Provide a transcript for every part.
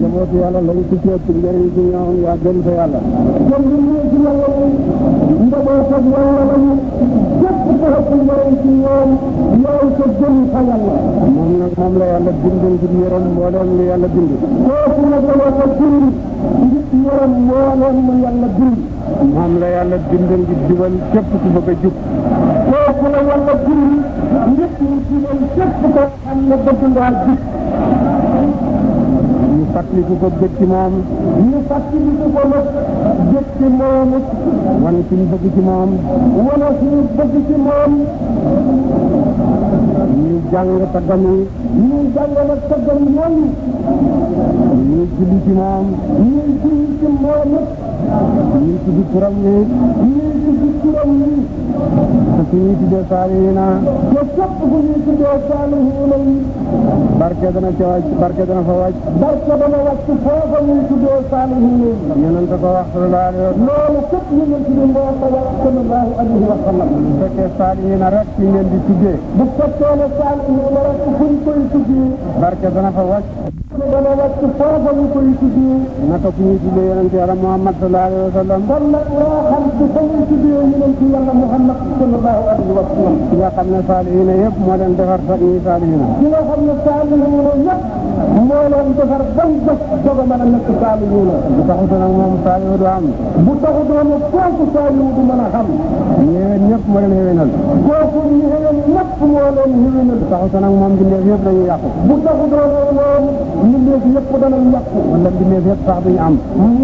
njabootu yàlla lañ ci seet ci njëriñ ci ñoom yaa gën fa yàlla. kon ñun ñoo ci yàlla ñu njabootam yàlla lañu képp ku ëpp njëriñ ci ñoom yow sa gën fa yàlla. moom nag moom la yàlla bindal ngir yërëm mbooleem lu yàlla bind. kooku nag la yàlla bind ngir yërëm mbooleem lu yàlla bind. moom la yàlla bindal ngir jubal képp ku bëgg a jub. kooku la yàlla bind ngir jubal képp koo xam ne bëgg ngaa jub. fàttaliku ko bëgg ci moom. ñu fàttaliku ko nag bëgg ci moom. wane suñu bëgg ci moom. wane suñu bëgg ci moom. ñu jàng taggam yi. ñu jàng nag taggam yooyu. ñu julli ci moom. ñu julli ci moom. ñu tudd turam yi. juróom yi. te fi ñuy tuddee saalihiina. te képp ku ñuy tuddee saalihiina yi. barke dana ca wàcc barke dana fa wàcc. barke dana wàcc foofa ñuy tuddee saalihiina yi. yonent ko wax sallallahu alayhi wa sallam. loolu képp ñu ngi tuddee mbaa ko wax sallallahu alayhi wa sallam. bu fekkee saalihiina rek ci ngeen di tuddee. bu fekkee ne saalihiina rek fu ñu koy tuddee. barke dana fa wàcc. dana nekk foofa ñu koy tuddee. naka bu ñuy tuddee yonent yàlla Muhammad sallallahu alayhi wa sallam. kon nag loo xam ci fa ñuy tuddee yonent yàlla Muhammad sallallahu alayhi wa sallam. ki nga xam ne saalihiina yëpp moo leen defar sax ñuy saalihiina. ki nga xam ne saalihiina yëpp. moo leen defar ban bés doog a mën a nekk saalihuuna. bu taxutoon ak moom saalihu du am. bu taxutoon ak kooku saalihu du mën a xam. ñu yéwén ñëpp moo leen yéwénal. kooku ñu yéwén ñëpp moo leen yéwénal. bu taxutoon ak moom bindeef yëpp dañuy yàqu. bu taxutoon ak moom bindeef yëpp danañ yàqu. wala bindeef yëpp sax duñu am.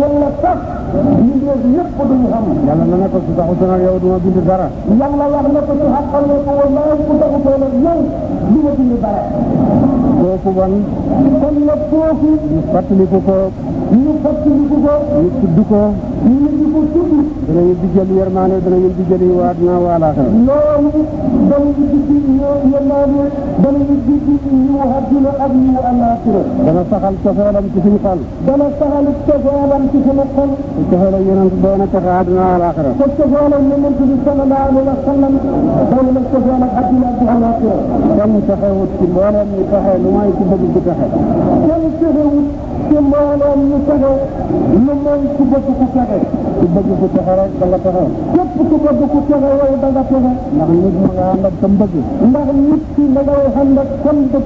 wala sax. bindeef yëpp duñu xam. yàlla na ne ko su taxutoon ak yow duma bind dara. yàlla wax na ko ñu xàqal ne ko wallaahi su taxutoon ak yow du ma bind dara. kooku ban. kon nag kooku. ñu fàttaliku ko. ñu fàttaliku ko. ñu tudd ko. ñu ne ñu ko tudd. danañu di jël yermaane danañu di jël waat naa waalaaxira. loolu danañu di di yermaane danañu di di ñu àdduna ak ñu alaaxira. dana saxal cofeelam ci suñu xol. dana saxal cofeelam ci suñu xol. te cofeelam yéen a ngi doon a tax a àdduna waalaaxira. te cofeelam yéen a ngi tudd sallallahu alayhi wa sallam doon na cofeelam àdduna ak alaaxira. kenn taxewut ci mboolem ñu taxe lu may ci bëgg di taxe. kenn taxewut. ci mbooloo ñu tege lu mel ku bëgg ku tege ku bëgg ku tege rek da nga tege képp ku bëgg ku tege yow da nga tege ndax nit ma nga ànd ak sam bëgg ndax nit ki da ngay ànd ak sam bëgg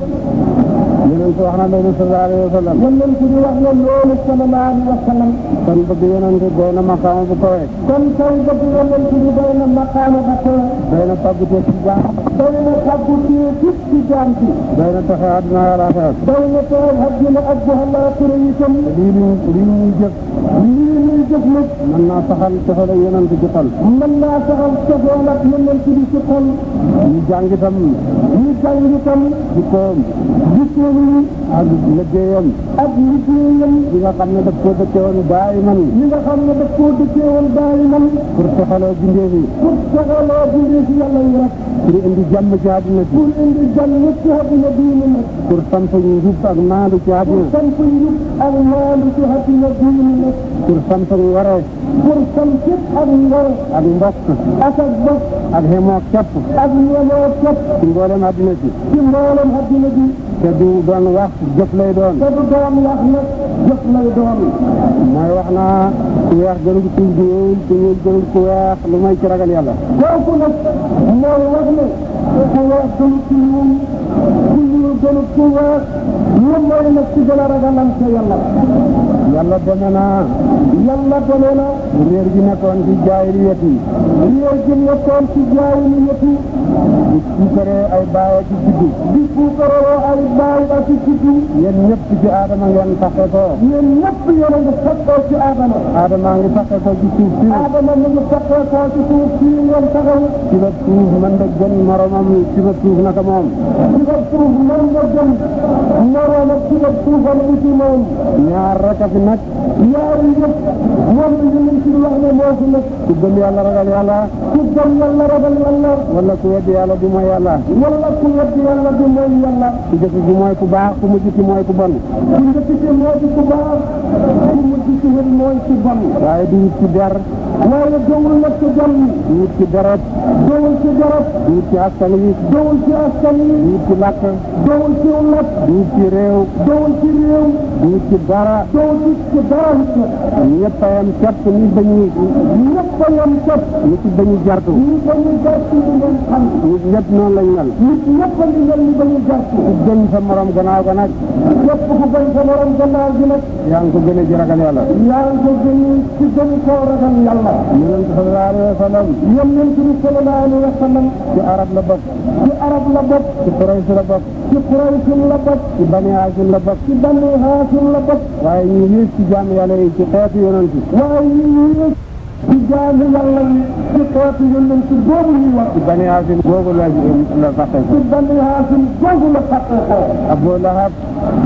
yeneen si wax na loolu sallallahu alayhi wa sallam yeneen si di wax ne loolu sallallahu alayhi wa sallam kon bëgg yeneen si doy na maqaama bu kawee kon tey bëgg yeneen si di doy na maqaama bu kawee doy na pàggu ci baax daw na kàddu téye gis ci jaam bi. daw na taxaw àdduna ak àllaaxira. daw na taxaw àdduna ak àllaaxira yi itam. lii nii lii muy jëf. lii muy jëf nag. mën naa saxal cofeel ak yonent ci xol. mën naa saxal cofeel ak yonent bi ci xol. ñu jàng itam. ñu jàng itam. jikkoom. jikkoom yi. ak liggéeyam. ak liggéeyam. ñi nga xam ne daf koo dëkkee woon bàyyi man. ñi nga xam ne daf koo dëkkee woon bàyyi man. pour soxaloo bindee bi. pour soxaloo bindee si yàlla yi rek. pour indi jàmm ci àdduna bi. pour indi jàmm ci àdduna bi mu nekk. pour samp njub ak maandu ci àdduna. pour samp njub ak maandu ci àdduna bi mu nekk. pour samp ngoro. pour samp ak ngoro. ak mbokk. ak ak mbokk. ak xemoo képp. ak xemoo képp. ci mboolem àdduna bi. ci mboolem àdduna bi. te du doon wax jëf lay doon. te du doon wax nag jëf lay doon. mooy wax naa ku weex gënul ku ñuul ku ñuul gënul ku weex lu may ci ragal yàlla. kooku nag mooy wax ne ku weex gënul ku ñuul ku ñuul gënul ku weex lu may nag ci gën a ragalam ca yàlla. yàlla deme naa. yàlla deme na. réer gi nekkoon ci jaahiliyat yi. réer gi nekkoon ci jaahiliyat yi. di ci ay baaye ci juddu. puukaroo ay baay ak i kii yéen ñëpp ci Adama ngeen faqe ko. yéen ñëpp yéen a ngi faqoo ci Adama. Adama ngi faqe ko ci suuf si. Adama mu ngi faqe ko ci suuf si ngeen taxaw. ci ba suuf man de gën moromam ci ba suuf naka moom. ci ba suuf man de gën moromam ci ba suufam ci moom. ñaar rek a fi nag. ñaar yëpp moom sunna ku gëm yàlla ragal yàlla ku gëm yàlla ragal yàlla wala ku weddi yàlla di mooy yàlla wala ku weddi yàlla di mooy yàlla ku jëkk ci mooy ku baax ku mujj ci mooy ku bon ku jëkk ci mooy ku baax ku mujj ci mooy ku bon waaye du wut ci der waaye dowul nag ci jàmm du wut ci deret dowul ci deret du wut ci askan yi dowul ci askan yi du wut ci làkk dowul ci làkk du wut ci réew dowul ci réew du wut ci dara dowul ci dara ñëpp a yem képp ni dañuy ñëpp a yem képp. nit ñi dañuy jartu. nit dañuy jartu ñu leen xam. nit ñëpp noonu lañ mel. nit ñëpp a ngi mel ni dañuy jartu. ku gën sa morom gannaaw ga nag. képp ku gën sa morom gannaaw gi nag. yaa ngi ko gën a ji ragal yàlla. yaa ngi ko gën ci gën koo ragal yàlla. yonent sallallahu alayhi wa sallam. yonent bi sallallahu alayhi wa sallam. ci arab la bokk. ci arab la bokk. ci Quraysh la bokk. ci Quraysh la bokk. ci Bani Haasim la bokk. ci Bani Haasim la bokk. waaye ñu yées ci jaam yàlla yi ci xeetu yonent. waaye ñu yées ci jaamu yàlla yi ci xeetu yonent boobu ñuy wax. ci bani haasim googu la la fàtte ko. ci bani haasim googu la fàtte ko. Abu Lahab.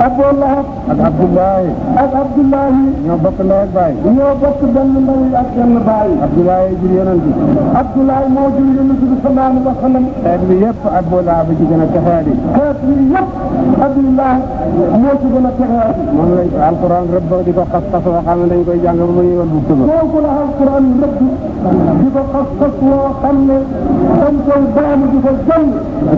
Abu Lahab. ak Abdullahi. ak Abdullahi. ñoo bokk ndey ak baay. ñoo bokk benn ndey ak benn baay. Abdullahi jur yonent bi. Abdullahi moo jur yonent bi sallallahu alayhi wa sallam. xeet bi yëpp Abu Lahab ci gën a texee di. xeet bi yëpp Abdullahi moo ci gën a texee di. moom lañ alquran rëbb di ko xas xas waxal dañ koy jàng ba mu ñëwal bu tudd. kooku la alquran rëbb di ko xas xas yoo xam ne dañ koy baalu di ko jël.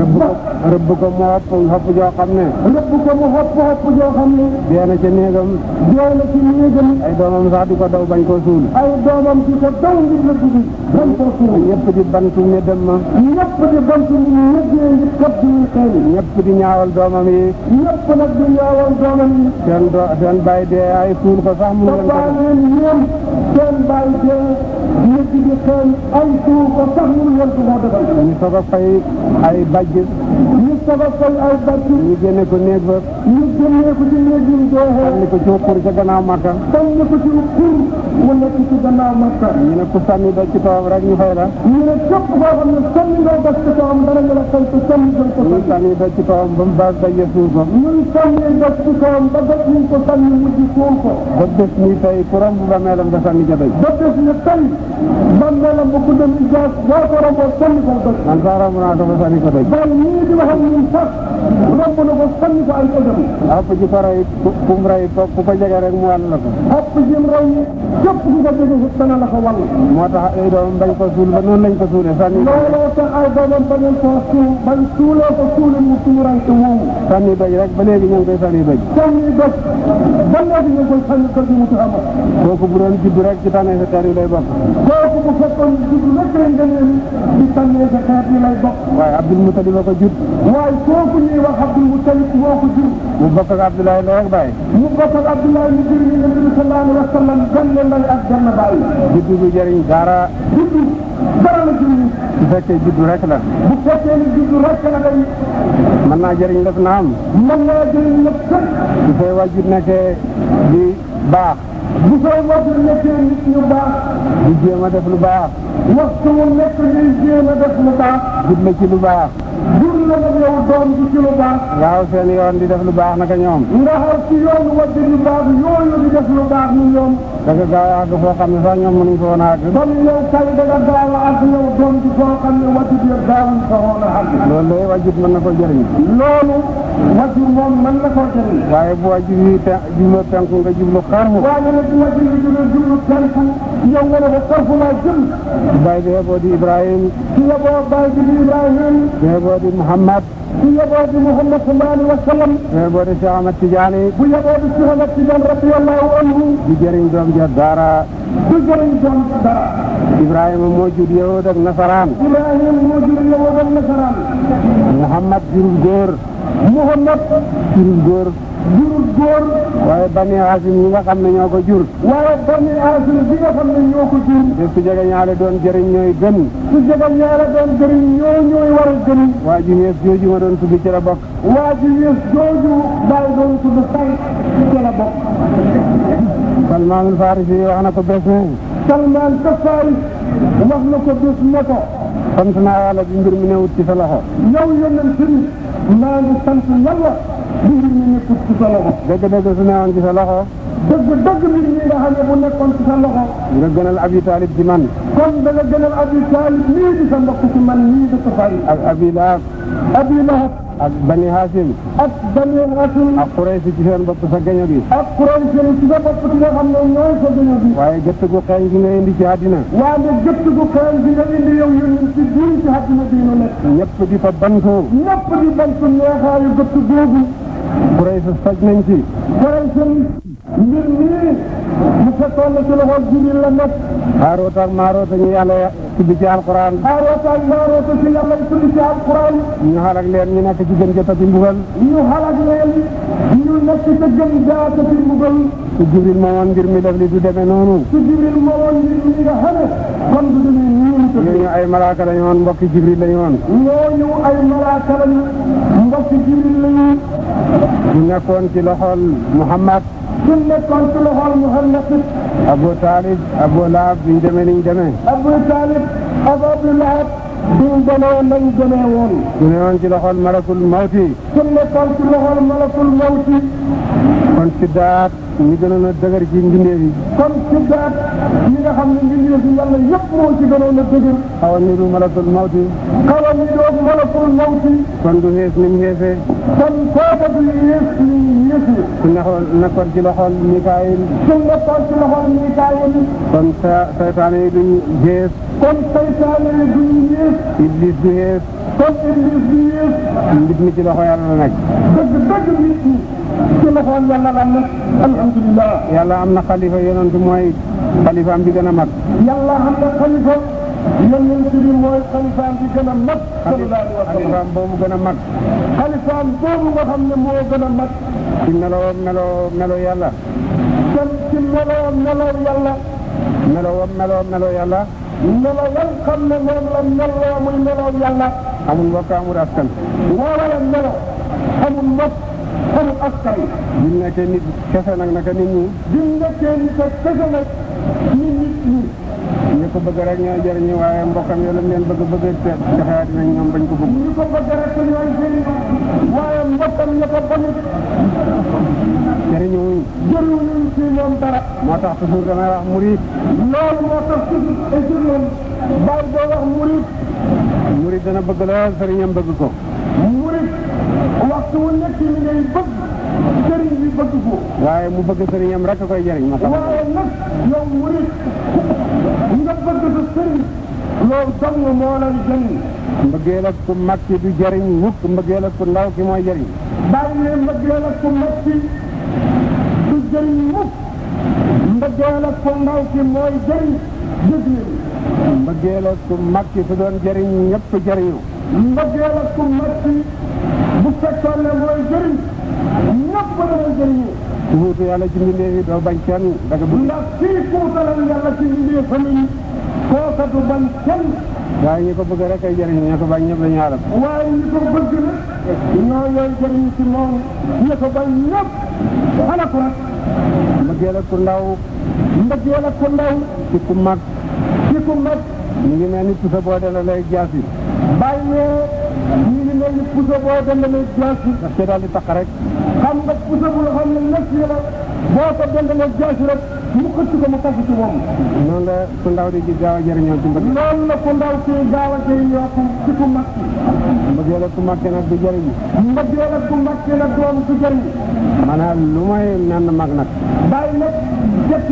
rëbb ko rëbb ko mu xopp xopp joo xam ne. rëbb ko mu xopp xopp joo xam ne. dee na ca néegam. dee na ci néegam. ay doomam sax di ko daw bañ koo suul. ay doomam di ko daw ngir rëbb bi bañ koo suul. ñëpp di bantu ne dem ma. ñëpp di bantu ne ñëppee ngir képp di xëy. ñëpp di ñaawal doomam yi. ñëpp nag di ñaawal doomam yi. seen do seen bàyyi dee ay suul ko sax mu ngi leen ko def. seen bàyyi dee ñebe ji xëy ay suuf ba sax mënuñu wan ko moo defal. ñu soog a fay ay bàjj. tabaxal ay bàtt. ñu génne ko néeg ba. ñu génne ko ci néeg yu dooxee. sànni ko ci xur ca gannaaw Makka. sànni ko ci xur mu nekk ci gannaaw Makka. ñu ne ku sànni ba ci kawam rek ñu fay la. ñu ne képp koo xam ne sànni nga ba ci kawam dara nga la fay te sànni ko ko. ñu sànni ba ci kawam ba mu baax daje suuf ba. ñun sànni ba ci kawam ba bët ñu ko sànni mujj suuf ko. ba bés ni tey ku romb ba melam nga sànni ca doy. ba bés ni tey ba melam ba ku dem Ijaas boo ko romboo sànni ko doy. man saa romb naa dafa sànni ko doy. waaye ñii di wax ñun sax romb na ko sànni ko ay ëllëg. app ji fa rey ku mu rey ku ko jege rek mu wàll la ko. app ji mu rey képp ku ko jege dana la ko wàll. moo tax ay doomam bañ ko suul ba noonu lañ ko suulee sànni. looloo tax ay doomam bañ ko suul bañ suulee ko suul mu tuural ko moomu. sànni doj rek ba léegi ñu ngi koy sànni doj. sànni doj ba léegi ñu ngi koy sànni doj mu tuural ko. kooku bu doon judd rek ci tànnee sa teer yi lay bokk. kooku bu fekkoon judd rek lañ gën a di tànnee sa teer yi lay bokk. waaye Abdul Mutalib ko judd. waaye kooku ñuy wax Abdul Mutalib moo ko jur. mu bokk ak Abdoulaye Ndeye ak Baye. mu bokk ak Abdoulaye mu jur ñu Nabi sallallahu alayhi wa sallam benn ndey ak benn baay. juddu du jëriñ dara. juddu dara la jëriñ. bu fekkee juddu rek la. bu fekkee ni juddu rek la day. mën naa jëriñ lépp na am. mën naa jëriñ lépp tëj. bu fay wajjut nekkee di baax. bu sooy wajjut nekkee nit ñu baax. di jéem a def lu baax. waxtu wu nekk ñuy jéem a def lu baax. jublu ci lu baax. ànd ak yow doom bi ci lu baax. waaw seen yoon di def lu baax naka ñoom. ndax ci yoonu wàcc lu baax yooyu di def lu baax ni ñoom. da nga gaaw a àgg foo xam ne sax ñoom mënuñ ko woon a àgg. kon yow kay da nga gaaw a àgg yow doom bi foo xam ne wàcc bi daawuñ ko woon a àgg. loolu lay wàccit mën na ko jëriñ. loolu. wàcc moom mën na koo jëriñ. waaye bu wàcc yi te jublu penku nga jublu xarmu. waaye nag bu wàcc yi jublu penku. yow nga ne ko korfu laa jëm. baay bi yeboo di Ibrahim. ki yeboo baay bi di Ibrahim. ki yeboo di Muhammad. ki yeboo di Muhammad sallallahu alayhi wa sallam. ki yeboo di Cheikh Ahmad Tidiane. bu yeboo di Cheikh Ahmad Tidiane radiyallahu anhu. di jëriñ doom ja dara. di jëriñ doom dara. Ibrahima moo jur yahud ak nasaraan. Ibrahima moo jur yahud ak nasaraan. Muhammad jur góor. Muhammad jurul góor jurul góor waaye bani Haasim yi nga xam ne ñoo ko jur waaye bani Haasim bi nga xam ne ñoo ko jur te su jege ñaale doon jëriñ ñooy gën su jege ñaale doon jëriñ ñoo ñooy war a gën waa ji wees jooju ma doon tudd ci la bokk waa ji wees jooju daal doon tudd tey ci la bokk Salmaan al-Faarisi wax na ko bés ne Salmaan al-Faarisi wax na ko bés ne ko sant naa yàlla bi mbir mi newut ci sa loxo yow yónneen sëriñ maa ngi sant yàlla. di ngir ñu nekk ci sa loxo. dëgg-dëgg su newoon ci sa loxo. dëgg dëgg mbir mi nga xam ne bu nekkoon ci sa loxo. nga gënal Abi Talib ci man. kon da nga gënal Abi Talib nii di sa mbokk ci man nii di sa fay. ak Abi Lahab. Abi Lahab. ak Bani Hasim. ak Bani Hasim. ak Quraysh ci seen bopp sa gëño bi. ak Quraysh ci sa bopp ci nga xam ne ñooy sa gëño bi. waaye gëtt gu xeeñ gi nga indi ci àddina. waaye gëtt gu xeeñ gi nga indi yow yéen ci biir ci àddina bi ñu nekk. ñëpp di fa bantu. ñëpp di bantu neexaayu gëtt googu. Quraysh saj nañ ci. Quraysh mbir mii bu fekkoon ne ci loxol Jibril la nekk. Haaroot ak Maaroot ñu yàlla tudd ci alquran. Haaroot ak Maaroot ñu yàlla tudd ci alquran. ñu xalak leen ñu nekk ci gën jota ci mbugal. ñu xalak leen ñu nekk ci gën jota ci mbugal. su Jibril moomoon mbir mi def li du demee noonu. su Jibril moomoon mbir mi nga xam ne kon du demee noonu. ñooñu ay malaaka lañu woon mbokki Jibril lañu woon. ñooñu ay malaaka lañu mbokki Jibril lañu. ñu nekkoon ci loxol Muhammad. su nekkoon ci loxool ñu xam ne fit Abu Talib Abu Lahab biñ demee niñ demee Abu Talib ak Abu Lahab biñ demee nañ demee woon su nekkoon ci loxool malakul mawti su nekkoon ci loxool malakul mawti kon ci daat ñu gënoon a dëgër ci mbindeef yi. kon ci daat yi nga xam ne mbindeef yi yàlla yëpp moo ci gënoon a dëgër. xaw a niru malakul mawti. xaw a niru malakul mawti. kon du xees ni mu xeesee. kon kooku du yées ni mu yéesee. su nekkoon nekkoon ci loxol Mikaayil. su nekkoon ci loxol Mikaayil. kon sa saytaane yi duñ xees. kon saytaane yi duñ yées. Iblis du xees. kon Iblis du yées. mbit mi ci loxo yàlla la nekk. dëgg dëgg nit ñi. ci loxoom yàlla la nekk alhamdulilah. yàlla am na xalifa yonent mooy xalifaam bi gën a mag. yàlla am na xalifa yonent bi mooy xalifaam bi gën a mag. xalifaam boobu gën a mag. xalifaam boobu nga xam ne moo gën a mag. ci melo melo melo yàlla. kon ci melo melo yàlla. melo melo melo yàlla. melo yan xam ne moom la meloo muy melo yàlla. amul mbokk amul askan. moo waral melo amul mbokk. xamu askan bi mu nekkee nit kese nag naka nit ñi bi mu nekkee nit kese nag nit nit ñi ñu ko bëgg rek ñoo jëriñu waaye mbokam yoo lam leen bëgg bëgg te defewaat nañ ñoom bañ ko bëgg ñu ko bëgg rek moo tax toujours damay wax murid loolu moo tax toujours ay jëriñu bàyyi boo wax murid murid dana bëgg lool ko waxtu wu nekk mi ngay bëgg sëriñ bi bëgg ko. waaye mu bëgg sëriñam rek a koy jëriñ ma. waaye nag yow murit nga bëgg sa sëriñ. loolu dong moo leen jëriñ. mbëggeel ku mag ki du jëriñ mukk mbëggeel ak ku ndaw mooy jëriñ. bàyyi ne mbëggeel ak ku mag ki du jëriñ mukk mbëggeel ak ku ndaw mooy jëriñ dëgg yi. mbëggeel ak ku mag ki su doon jëriñ ñëpp jëriñu. mbëggeel ku mag bu fekkoon ne mooy jëriñ ñëpp danañ jëriñu. wuutu yàlla ci mbindeef yi doo bañ kenn daga du ndax fii kuutalal yàlla ci mbindeefam yi kooka du bañ kenn waaye ñi ko bëgg rek ay jëriñ ñi ko bañ ñëpp dañu xaaral waaye ñi ko bëgg nag ñoo yooyu jëriñ ci ko bañ ñëpp xana ko nag mbëggeel ak ku ndaw mbëggeel ak ku ndaw ci ku mag ci ñu ngi mel ni boo dela lay jaas yi bàyyi ni puso boo dendalee jaasi. ndax cee di tax rek. xam nga puso bu nga xam ne nekk na la boo jaasi rek mu xëcc ko mu tax ci moom. noonu la ku di ci gaaw a jëriñoo ci mbëgg. noonu la ku ndaw ci gaaw a jëriñoo ci ku mag. mbëggeel ak ku mag nag du jëriñ. mbëggeel ak ku mag nag doon du jëriñ. maanaam lu mooy nenn mag nag. bàyyi nag jëkk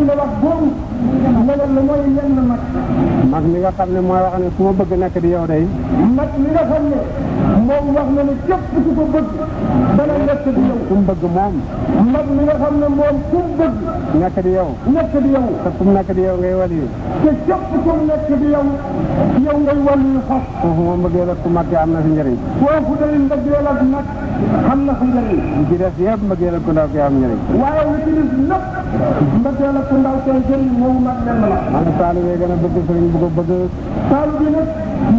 mi nga xam ne mooy wax ne bëgg nekk di yow moom wax na ne képp ku ko bëgg dana nekk di yow. ku mu bëgg moom. mag mi nga xam ne moom ku mu bëgg. nekk di yow. nekk di yow. te ku mu nekk di yow ngay wàll yi. te képp ku mu nekk di yow yow ngay wàll yu xas. foofu moom mbëggeel ak ku mag am na fi njëriñ. foofu day mbëggeel ak nag am na fi njëriñ. li ci des yëpp mbëggeel ak ku ndaw am njëriñ. waaye li ci des lépp. mbëggeel ak ku ndaw seen jëriñ moom mag lenn la. man Saalum yee gën a bëgg sëriñ bu ko bëgg. Saalum bi nag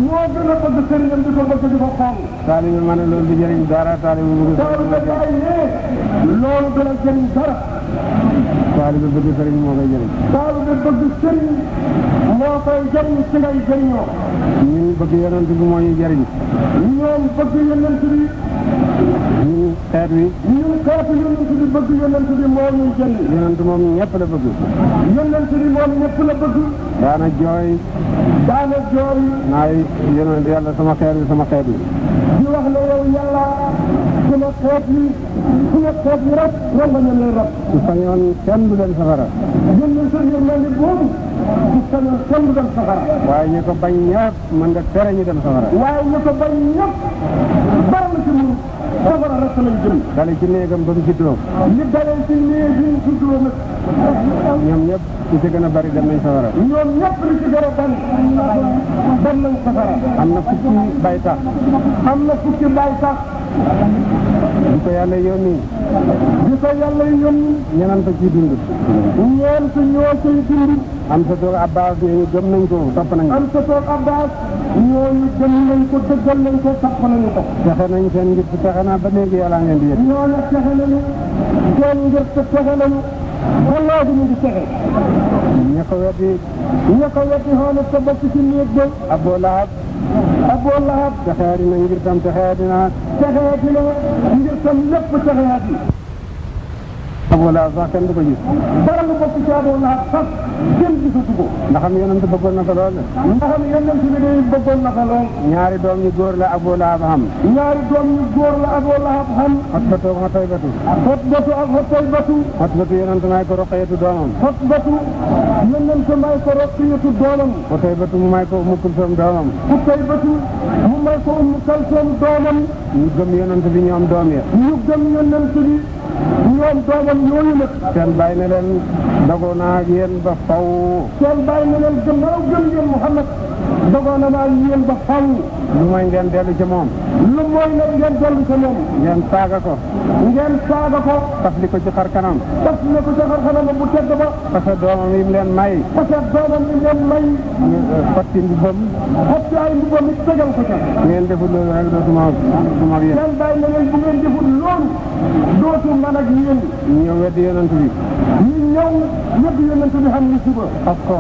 ñoo gën a bëgg sëriñam di ko bëgg di ko xool. Saalum bi ma ne loolu du jëriñ dara Saalum bi bëgg. Saalum bi dafa ay nee loolu du la jëriñ dara. Saalum bi bëgg sëriñ moo koy jëriñ. Saalum bi bëgg sëriñ moo koy jëriñ si ngay jëriñoo. ñun bëgg yonent bi moo ñu jëriñ. ñoom bëgg yonent bi. ñun xeet wi. ñun xeet wi yonent bi bëgg yonent bi moo ñuy jënd. yonent moom ñëpp la bëgg. yonent bi moom ñëpp la bëgg. daana jooy. daana jooy. naay yonent yàlla sama xeet wi sama xeet wi. di wax ne yow yàlla sama xeet wi sama xeet wi rab romb nañ lay rab. su sañoon kenn du dem safara. yonent yërmande boobu. su sañoon kenn du dem safara. waaye ñu ko bañ ñëpp mën nga tere ñu dem safara. waaye ñu ko bañ ñëpp baral ci safara rek lañ jëm. dalee ci néegam ba mu juddoo. ñu dalee ci néeg yi ñu ñoom ñëpp li ci gën a bari dem nañ safara. ñoom ñëpp li bari dem am na fukki bay tax. am na fukki bay tax. di ko yàlla yónni. di ko yàlla yónni. ñeneen ko ciy dund. ñeent ñoo koy dund. am sa toog Abbas ñooñu gëm nañ ko topp nañ ko. am sa toog Abbas ñooñu gëm nañ ko dëggal nañ ko topp nañu ko. fexe nañ seen ngir te fexe naa ba léegi yàlla ngeen di yëg. ñooñu fexe nañu seen ngir te fexe nañu wallaahi ñu ngi fexe. ña ko wetti. ña ko wetti xoolal sa bopp si néeg de. Abou Lahab. Abou Lahab. fexeeti na ngir tam fexeeti naa. fexeeti na ngir tam lépp fexeeti. Abu Lahab sax kenn du ko a dara lu bokk ci Abu Lahab sax kenn gisatu na ko lool. ndax am yonent bi na ko lool. ñaari doom yu góor la Abu Lahab am. ñaari doom yu góor la Abu Lahab am. Xotbatu ak Xotaybatu. Xotbatu ak Xotaybatu. Xotbatu yonent may ko Ruqayatu doomam. Xotbatu yonent may ko Ruqayatu doomam. Xotaybatu mu may ko Ummu Kulsum doomam. Xotaybatu mu may ko Ummu Kulsum doomam. ñu gëm yonent bi ñoom doom ya. ñu gëm yonent bi. ñoom doomam yooyu nag. seen bàyyi na leen dagoo naa ak yéen ba faw. seen bàyyi na leen gëm raw gëm ngeen dogoon na maa yéen ba xaw. lu mooy ngeen dellu ci moom. lu mooy nag ngeen dellu ci moom. ngeen saaga ko. ngeen saaga ko. tafli ko ci xar kanam. tafli ko ci xar kanam bu tedd ba. parce que doomam yi mu leen may. parce que doomam yi mu leen may. ñu xotti eh, mbubam. xotti ay mbubam it tegal ko ca. ngeen deful loolu rek dootuma dootuma ak yéen. ngeen bàyyi na leen bu ngeen deful loolu dootu man ak yéen. ñu ñëw weddi yonent bi. ñu ñëw. yëpp yonent bi xam ni suba. xas ko.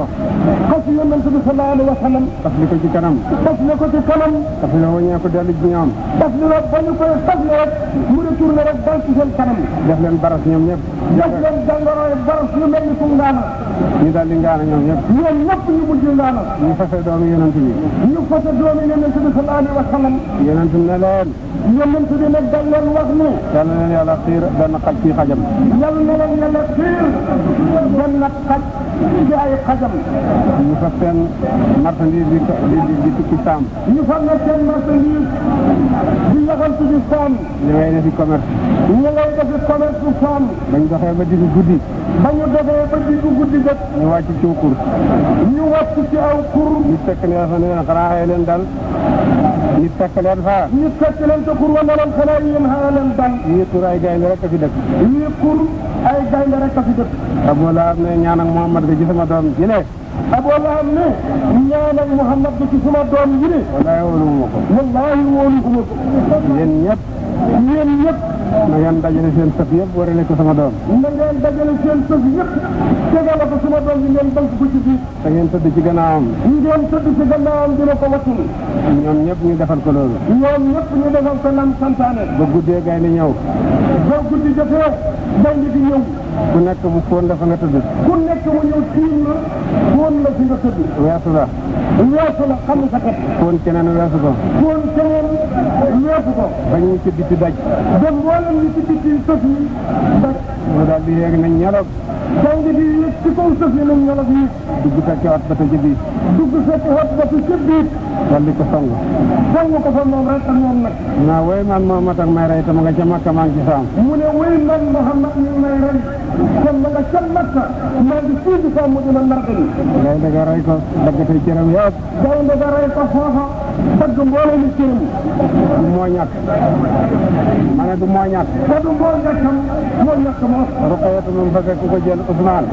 xas yonent bi sallallahu alayhi wa sallam. xas li ko ci kanam. xas li ko ci kanam. xas la wàññeeku dellu ci ñoom. xas li la ba ñu koy xas la rek mu retourné rek dal ci seen kanam. def leen baras ñoom ñëpp. def leen jàngoro yi baras yu mel ni fu ngaana. ñu daal di ngaana ñoom ñëpp. ñoom ñëpp ñu mujj ngaana. ñu fase doomi yonent bi. ñu fase doomi yonent bi sallallahu alayhi wa sallam. yonent ne leen. yonent bi nag dal leen wax ni. yal na leen yàlla xiir benn xaj ci xajam. yal na leen yàlla xiir. wan nag xaj ci ay xajam. ñu fa seen marchandise di di di tukki saam. ñu fa nga seen marchandise di yabal ci saam. ñu ngay defi commerce. ñu ngay defi commerce bu saam. bañ doxee ba digg guddi. ba ñu doxee ba digg guddi jot. ñu wàcc ci aw kur. ñu wàcc ci aw kur. ñu fekk leen fa ne leen xanaa ay leen dal. ñu fekk leen fa. ñu fekk leen ca kur wala lan xanaa yéen xanaa leen dal. ñii kur ay gaynde rek a fi dëkk. ñii kur ay gaynde rek a fi dëkk. Lahab ne ñaan ak Muhammad ga ci sama doom ji le Abu Lahab ne ñaan ak Muhammad ga ci sama doom ji le wallaahi wóoluwuma na ngeen dajale seen sëf yëpp warale ko sama doom na ngeen dajale seen sëf yëpp tegale ko sama doom bi ngeen bank ko ci biir da ngeen tëdd ci gannaawam ngeen tëdd ci gannaawam dina ko wattul ñoom ñëpp ñu defal ko loolu ñoom ñëpp ñu defal ko lam santaane ba guddee gaynde ñëw ba guddi jotee gaynde di ñëw ku nekk mu fóon la fa nga tëdd. ku nekk mu ñëw tiim la la fi nga tëdd. weesu la. weesu la sa weesu ko. fóon keneen weesu ko. bañ ñu ci biti daj. dem mboolem ñu ci daal di yéeg nañ ñorog. jàng di yéeg ci kaw sëf yi nañ ñorog yi. dugg sa kawat ba ta jëbiit. dugg sa kawat ba ta jëbiit. dal di ko song. song ko fa moom rek ak moom nag. naa woy man Muhammad ak may rey te ma nga ca Makka maa ngi ci saam. mu ne woy man Muhammad ñu may rey kon ma nga ca Makka maa ngi fii ci saam mu dina ndar ko nii. ngay dëgg rey ko daggatay cëram yëpp. ngay dëgg rey ko foofa dagg mbooloo mi cëram. du moo ñàkk. ma ne du moo ñàkk. te du moo ñàkkam moo ñàkk moom. Ruqayatu moom bëgg ku ko jël Ousmane.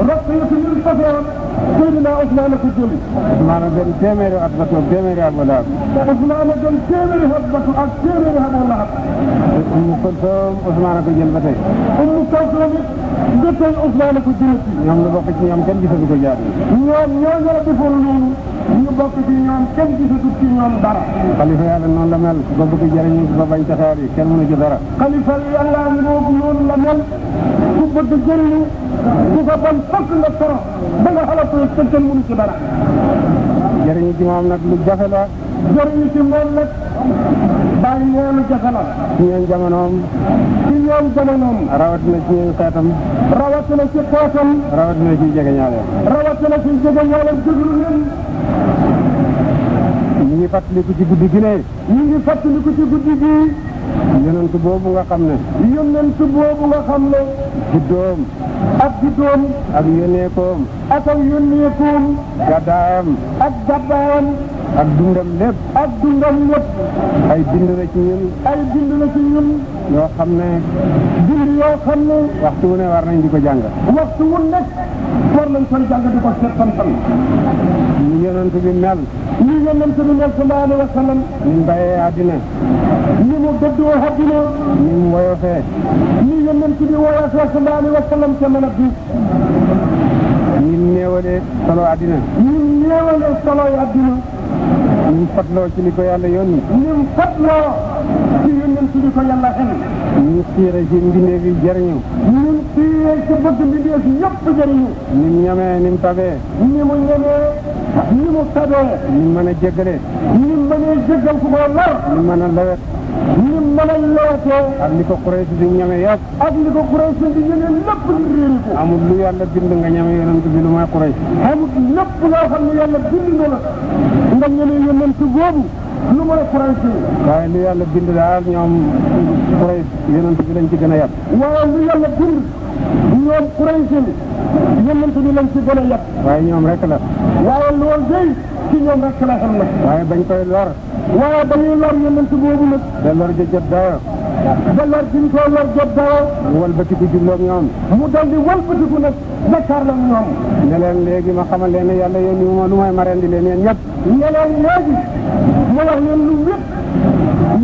Ruqayatu ñu fasoon. Seydina Ousmane ko julli. Ousmane doon téeméeri at ba toog téeméeri at ba daal. Ousmane doon téeméeri at ba toog ak téeméeri at wala at. Umu Kulsum Ousmane ko jël ba tey. Umu Kulsum it jëppee Ousmane ko jëlee ci. ñoom la bokk ci ñoom kenn gisatu ko jaar. ñoom ñoo ñoo defoon loolu. ñu bokk ci ñoom kenn gisatu ci ñoom dara. xalifa yàlla noonu la mel ba bëgg jëriñu ba bañ taxawaar yi kenn mënu ci dara. xalifa yàlla noonu la mel. bëgg jëriñu ku ko bon fokk nga toro ba nga xalaat ko te kenn mënu ci dara. jëriñu ci moom nag lu jafe la. jëriñu ci moom nag bàyyi ñoom jafe la. ci ñoom jamonoom. ci ñoom jamonoom. rawatina ci ñoom xeetam. rawatina ci xeetam. rawatina ci jegeñaale. rawatina ci jegeñaale déglu leen. ñu ngi fàttaliku ci guddi gi ne. ñu ngi fàttaliku ci guddi gi. yonent boobu nga xam ne yonent boobu nga xam ne juddoom ak juddoom ak yónneekoom ak ak yónneekoom gàddaayam ak gàddaayam ak dundam lépp. ak dundam lépp. ay bind la ci ñun. ay bind la ci ñun. yoo xam ne. bind yoo xam ne. waxtu wu ne war nañ di ko jàng. waxtu wu nekk war nañ koy jàng di ko seetantal. ñu yonent bi mel. ñu yonent bi mel sallallahu alayhi wa sallam. ni mu bàyyee àddina. ni mu dëddoo àddina. ni mu woyofee. ñu yonent bi woyofee sallallahu alayhi wa sallam ca mën a bi. ñu néewalee solo àddina. ñu néewalee solo àddina. ñu fatloo ci li ko yàlla yónni. ñu fatloo ci yónnent li ko yàlla xel. ñu siire ci mbindeef yi jëriñu. ñu siire ci bëgg mbindeef yëpp jëriñu. ni mu ñamee ni mu tabee. ni mu ñamee ni mu tabee. ni mu mën a jéggale. ni a a ñi mën a lootee. ak li ko Quraysh di ñeme yëpp. ak li ko Quraysh di ñeme lépp di réeri ko. lu yàlla bind nga ñeme yonent bi lu may Quraysh. amul lépp loo xam ne yàlla bind na la nga lu may Quraysh waaye lu yàlla bind daal ñoom Quraysh yonent bi lañ ci gën a yàpp. waaye lu yàlla bind ñoom Quraysh yi yonent bi lañ ci gën a yàpp. waaye ñoom rek la. waaye loolu day ci ñoom rek la xam na. bañ koy lor. waaw dañuy lor yonent boobu nag. ba lor ja jot dara. ba lor gi ñu ko lor jot dara. mu walbatiku jubloog ñoom. mu dal di walbatiku nag jàkkaarloog ñoom. ne leen léegi ma xamal leen ne yàlla yéen ñu ma lu may mareen di leen yéen ñëpp. ne leen léegi ma wax leen lu wépp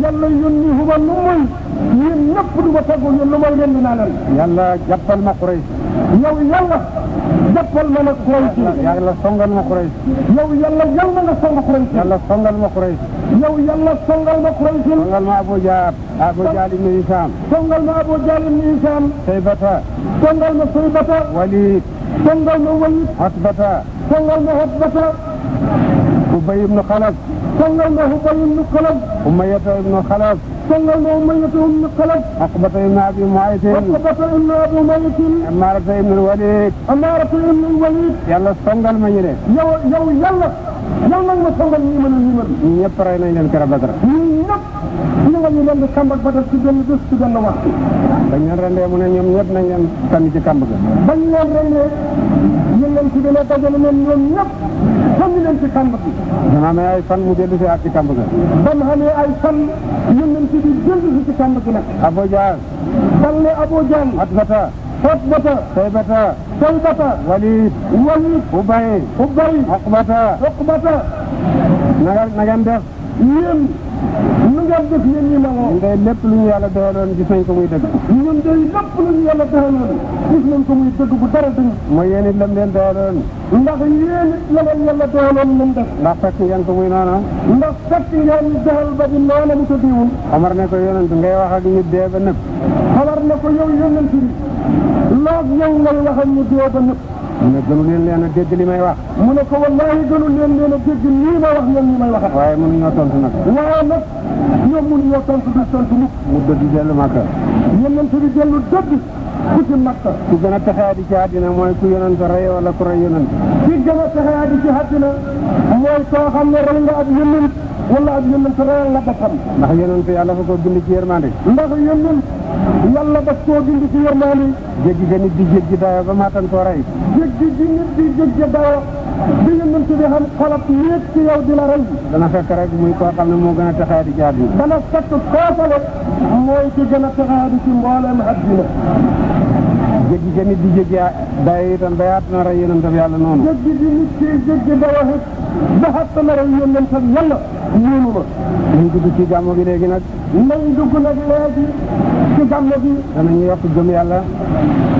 yàlla yónni huma lu muy yéen ñëpp du ma taggu yéen lu may leen dinaa leen. yàlla jàppal ma Quraysh. yow yàlla. jàppal na la Quraysh yàlla songal ma Quraysh yow yàlla yal na nga songal Quraysh yàlla songal ma Quraysh yow yàlla songal ma Quraysh songal ma Abu Jahl Abu Jahl ibn Hisham songal ma Abu Jahl ibn Hisham Saybata songal ma Saybata Walid songal ma Walid Utbata songal ma Utbata Ubay ibn Khalaf songal ma Ubay ibn Khalaf Umayyah ibn Khalaf اللهم يتهم من قلب عقبة بن ابي معيط عقبة بن ابي معيط عمارة بن الوليد عمارة بن الوليد يلا سنغال ما يلي يو يو يلا يلا ما سنغال ني من ني من ñepp ray nañ leen kera badar ñepp ñu ngi leen di kambak badar ci benn bés ci benn waxtu bañ leen rendee mu ne ñoom ñepp nañ leen tànn ci kamb ga bañ leen rendee ñu leen ci benn dajale ñoom ñepp sànni leen ci kàmb bi. dama amee ay fan mu dellu a ak ci kàmb ga. ba mu amee ay fan yonent bi dellu si ci kàmb gi nag. Abu Jahl. Balle Abu Jahl. Atbata. Utbata. Saybata. Saybata. Walid. Walid. Ubay. Ubay. Uqbata. Uqbata. na ngeen def. yéen. nu nga def yéen ñi mbaloo. ñun day lépp lu ñu yàlla doyaloon gis nañ ko muy dëgg. ñun day lépp lu ñu yàlla doyaloon gis nañ ko muy dëgg bu dara dëgg. mooy yéen it lam leen ndax yéen it la leen yàlla doyaloon lañ def. ndax fekk ngeen ko muy noona. ndax fekk ngeen doxal ba di noona mu tëddiwul. Omar ne ko yonent ngay wax ak nit dee ba nëb. Omar ne ko yow nit dee ba mu ne gënu leen leen a dégg li may wax mu ne ko wallahi gënu leen leen a dégg lii ma wax leen li may waxat waaye mënu ñoo tontu nag waaye nag ñoom mënu ñoo tontu du tontu mukk mu dëdd dellu màkka yonent bi dellu dëdd ku ci màkka ku gën a taxaadi ci àddina mooy ku yonent rey wala ku rey yonent ki gën a taxaadi ci àddina mooy koo xam ne rey nga ab yonent wala ab yonent reyal la boppam ndax yonent yàlla fa ko bind ci yërmande ndax yonent yàlla daf koo bind ci yërmande jéggi ga nit di jéggi dayo ba maatan koo rey jéggi gi nit di jéggi dayo bi yonent bi xam xolab nit ci yow di la rey dana fekk rek muy koo xam ne moo gën a texee di jaar bi dana fekk koo xam ne mooy ci gën a texee di ci mbooleem addina jéggi ca nit di jéggi day itam ba yaat na rey yonentam yàlla noonu. jéggi di nit ki jéggi ba wax it ba xatt na rey yonentam yàlla noonu ma. nañ dugg ci gàmmu gi léegi nag. nañ dugg nag léegi ci gàmmu gi. danañu yokk gëm yàlla.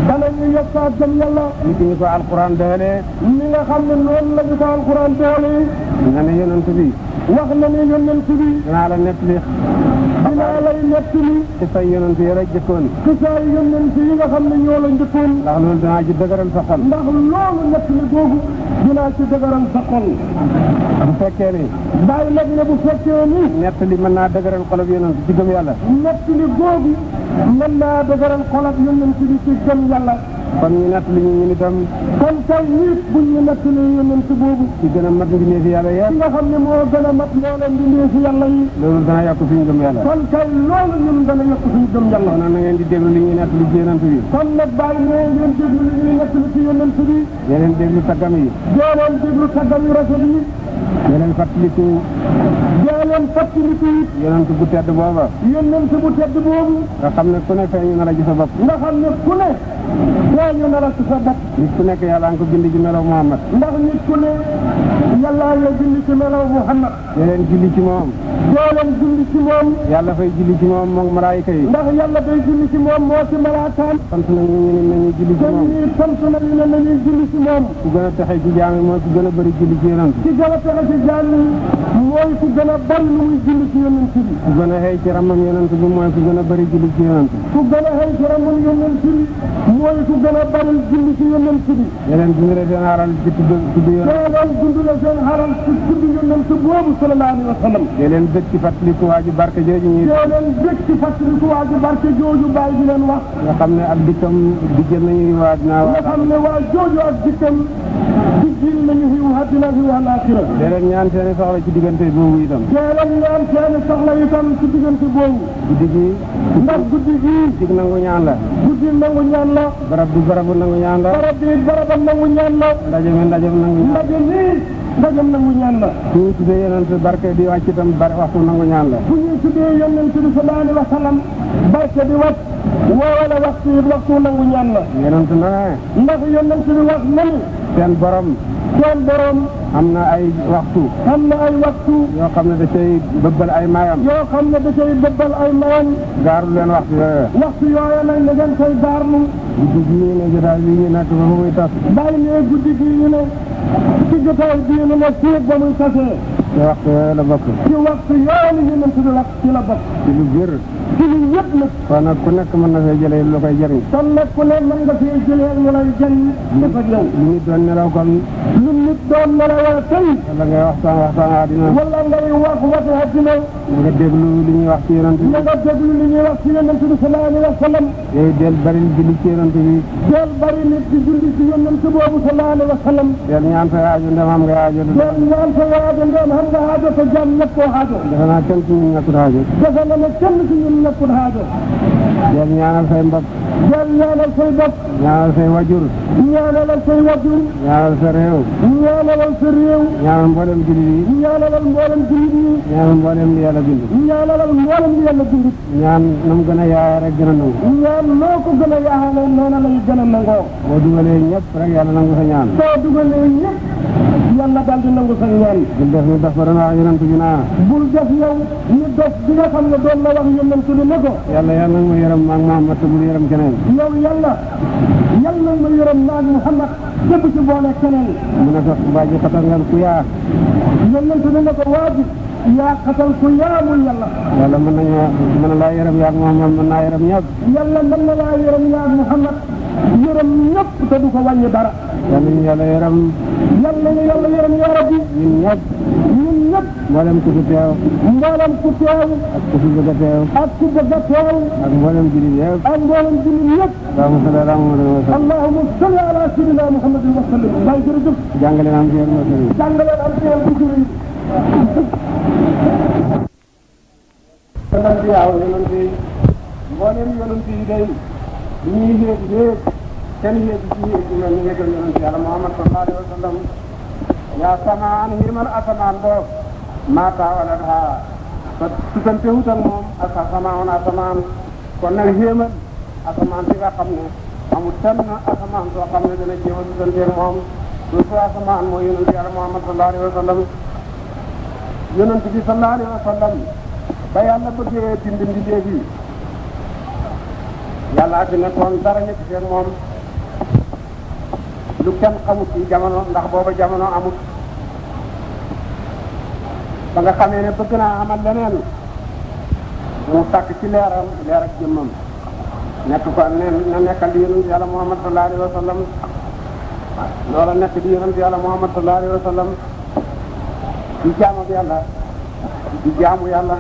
danañu yokkaat gëm yàlla. nit ñi ko alxuraan doyalee. ñi nga xam ne noonu la ñu ko alxuraan doyalee. na ne yonent bi. wax na ne yonent bi. dinaa la nettali. dinaa lay nettali. ci say yonent yi rek jëkkoon. ci say yonent yi nga xam ne ñoo la jëfandikoon ndax loolu danaa ci dëgëral sa xol ndax loolu nekk li googu dinaa ci dëgëral sa xol bu fekkee ni bàyyi nag ne bu fekkee ni nett li mën naa dëgëral xolob yonent ci gëm yàlla nett li googu mën naa dëgëral xolob yonent ci gëm yàlla kon ñu natt li ñu ñun itam kon tey nit buñ ñu natt li yonent boobu ci gën a mat mbindee fi yàlla yi nga xam ne moo gën a mat loola mbindee fi yàlla yi loolu dana yokk suñu gëm yàlla kon tey loolu ñun dana yokk suñu gëm yàlla kon na ngeen di déglu li ñuy natt li ci yonent bi kon nag bàyyi ne ngeen déglu li ñuy natt li ci yonent bi dee leen déglu taggam yi dee leen déglu taggam yu rafet yi dee leen fàttaliku dee leen fàttaliku it yonent bu tedd booba yonent bu tedd boobu nga xam ne ku ne feeñu na la ci sa bopp nga xam ne ku ne ñooñu nar a su sa bopp. nit ku nekk yàlla nga ko bind ci melaw Muhammad. ndax nit ku ne yàllaa la bind ci melaw Muhammad. doo leen julli ci moom. doo leen julli ci moom. yàlla fay julli ci moom moom malaayika yi. ndax yàlla day julli ci moom moo ci malaakaam. sant nañu ne nañu julli ci moom. dañuy sant nañu ne nañu julli ci moom. ku gën a texe ci jaam yi moo ci gën a bëri julli ci yonent. ci gën a texe ci jaam yi mooy ku gën a bëri lu muy julli ci yonent bi. ku gën a xëy ci ramam yonent bi mooy ku gën a bëri julli ci yonent bi. ku gën a xëy ci ramam yonent bi mooy ku gën a bari julli ci yonent bi. yeneen dund la seen xaral ci tudd tudd yonent. yeneen dund la seen xaral ci tudd yonent boobu sallallahu alayhi wa sallam. yeneen dëkk ci fàttaliku waa ji barke jooju ñuy. yeneen dëkk ci fàttaliku waa ji barke jooju bàyyi di leen wax. nga xam ne ak dikkam diggéen nañu waa dinaa waa. nga xam ne waa jooju ak dikkam diggéen nañu fi wax dina fi wax laaxira. yeneen ñaan seen i soxla ci diggante boobu itam. yeneen ñaan seen i soxla itam ci diggante boobu. guddi gi. ndax guddi gi. dig nangu ñaan la. guddi nangu ñaan la la barab bi barabu nangu ñaan la barab bi barabam nangu ñaan la ndaje mi ndajem nangu ñaan ndaje mi ndajem nangu ñaan la su ñu tuddee yonent barke di wàcc itam bare waxtu nangu ñaan la bu ñu tuddee yonent bi sallallahu alayhi wa sallam barke di wàcc wala waxtu yi waxtu nangu ñaan la. yonent na ne. ndax yonent bi wax na ni. seen borom. seen borom. am na ay waxtu. am na ay waxtu. yoo xam ne da cay bëbbal ay mayam. yoo xam ne da cay bëbbal ay mayam. gaaru leen waxtu yooya. waxtu yooya nag na ngeen koy gaarlu. guddi gi ñu ne jotaay bi ñu nekk ba muy tas. bàyyi ne guddi gi ñu ne ci jotaay bii ñu ne fii ba muy tasee. ci waxtu yooyu la bokk. ci waxtu yooyu ñu mën tudd nag ci la bokk. ci lu jër. ci lu yëpp nag. kon nag ku nekk mën na fee jëlee lu koy jëriñ. kon nag ku nekk mën nga fee jëlee lu lay jëriñ. def ak yow. lu nit doon nelaw kon. lu nit doon nelawal tey. wala ngay waxtaan waxtaan àddina. wala ngay wax wax àddina. nga déglu li ñuy wax ci yonent bi. nga déglu li ñuy wax ci yonent bi sallallahu alayhi wa sallam. yooyu del bari julli ci yonent bi. del bari nit di julli ci yonent boobu sallallahu alayhi wa sallam. del ñaan sa aajo ndem am nga aajo. del ñaan sa aajo ndem am am nga aajo te jaam ñëppoo aajo. defe naa kenn suñu ñëpput aajo. defe naa ne kenn suñu ñëpput aajo. jël ñaanal say mbokk. jël ñaanal say mbokk. ñaanal say wajur. ñaanalal say wajur. ñaanal sa réew. ñaanalal sa réew. ñaanal mboolem jullit yi. ñaanalal mboolem jullit yi. ñaanal mboolem li yàlla bind. ñaanalal mboolem li yàlla bind. ñaan na mu gën a yaayoo rek gën a nangu. ñaan noo ko gën a yaayoo noonu lañ gën a nangoo. boo dugalee ñëpp rek yàlla nangu sa ñaan. boo dugalee ñëpp. yàlla daal di nangu sa ñaan bul def ni dof ba doon wax yonent bi naa bul def yow ni dof bi nga xam ne doon la wax yonent bi ne ko yàlla yàlla nga ma yërëm maag Muhammad te bul yërëm keneen yow yàlla yàlla nga ma yërëm maag Muhammad te bu ci boole keneen mu ne ko waa ji xatal nga ku yaa yonent bi ne ko waa ji yaa xatal ku yaamul yàlla yàlla mën nañu mën na laa yërëm yaag Muhammad mën naa yërëm ñëpp yàlla mën na laa yërëm yaag Muhammad yërëm ñëpp te du ko wàññi dara. yal nañu yàlla yërëm. yal nañu yàlla yërëm yaa rabbi. ñun ñëpp. ñun ñëpp. mboolem ku fi teew. mboolem ku teew. ak ku fi bëgg a teew. ak ku bëgg a teew. ak mboolem jullit yëpp. ak mboolem jullit yëpp. allahumma salli ala muhammadin. allahumma salli ala sayyidina muhammadin wa sallim. waaye jërëjëf. jàngale naa am ci yéen ma sëriñ. jàngale naa am ci yéen bu juri. mboolem yonent yi day. bi ñuy yéeg yéeg seen yéeg ci yéeg bi mel ni yéegal yonent yàlla Muhammad sallallahu alayhi yaa samaan xirmal asamaan boobu maataa wala daa ba tutante wut ak moom ak asamaan asamaan kon nag xéemal asamaan si nga xam ne amul tan asamaan soo xam ne dana jéem a tutanteeg moom surtout asamaan mooy yonent yàlla Muhammad sallallahu alayhi wa sallam bi sallallahu alayhi wa sallam ba yàlla bëggee bind mbindeef yàlla ak nekkoon dara nekk ci moom lu kenn xamut ci jamono ndax booba jamono amut ba nga xamee ne bëgg naa amal leneen mu takk ci leeram leer ak jëmmam nekk ko ne na nekkal di yonent yàlla Muhammad sallallahu alayhi wa sallam loola nekk di yonent yàlla Muhammad sallallahu alayhi wa sallam di jaamu yàlla di jaamu yàlla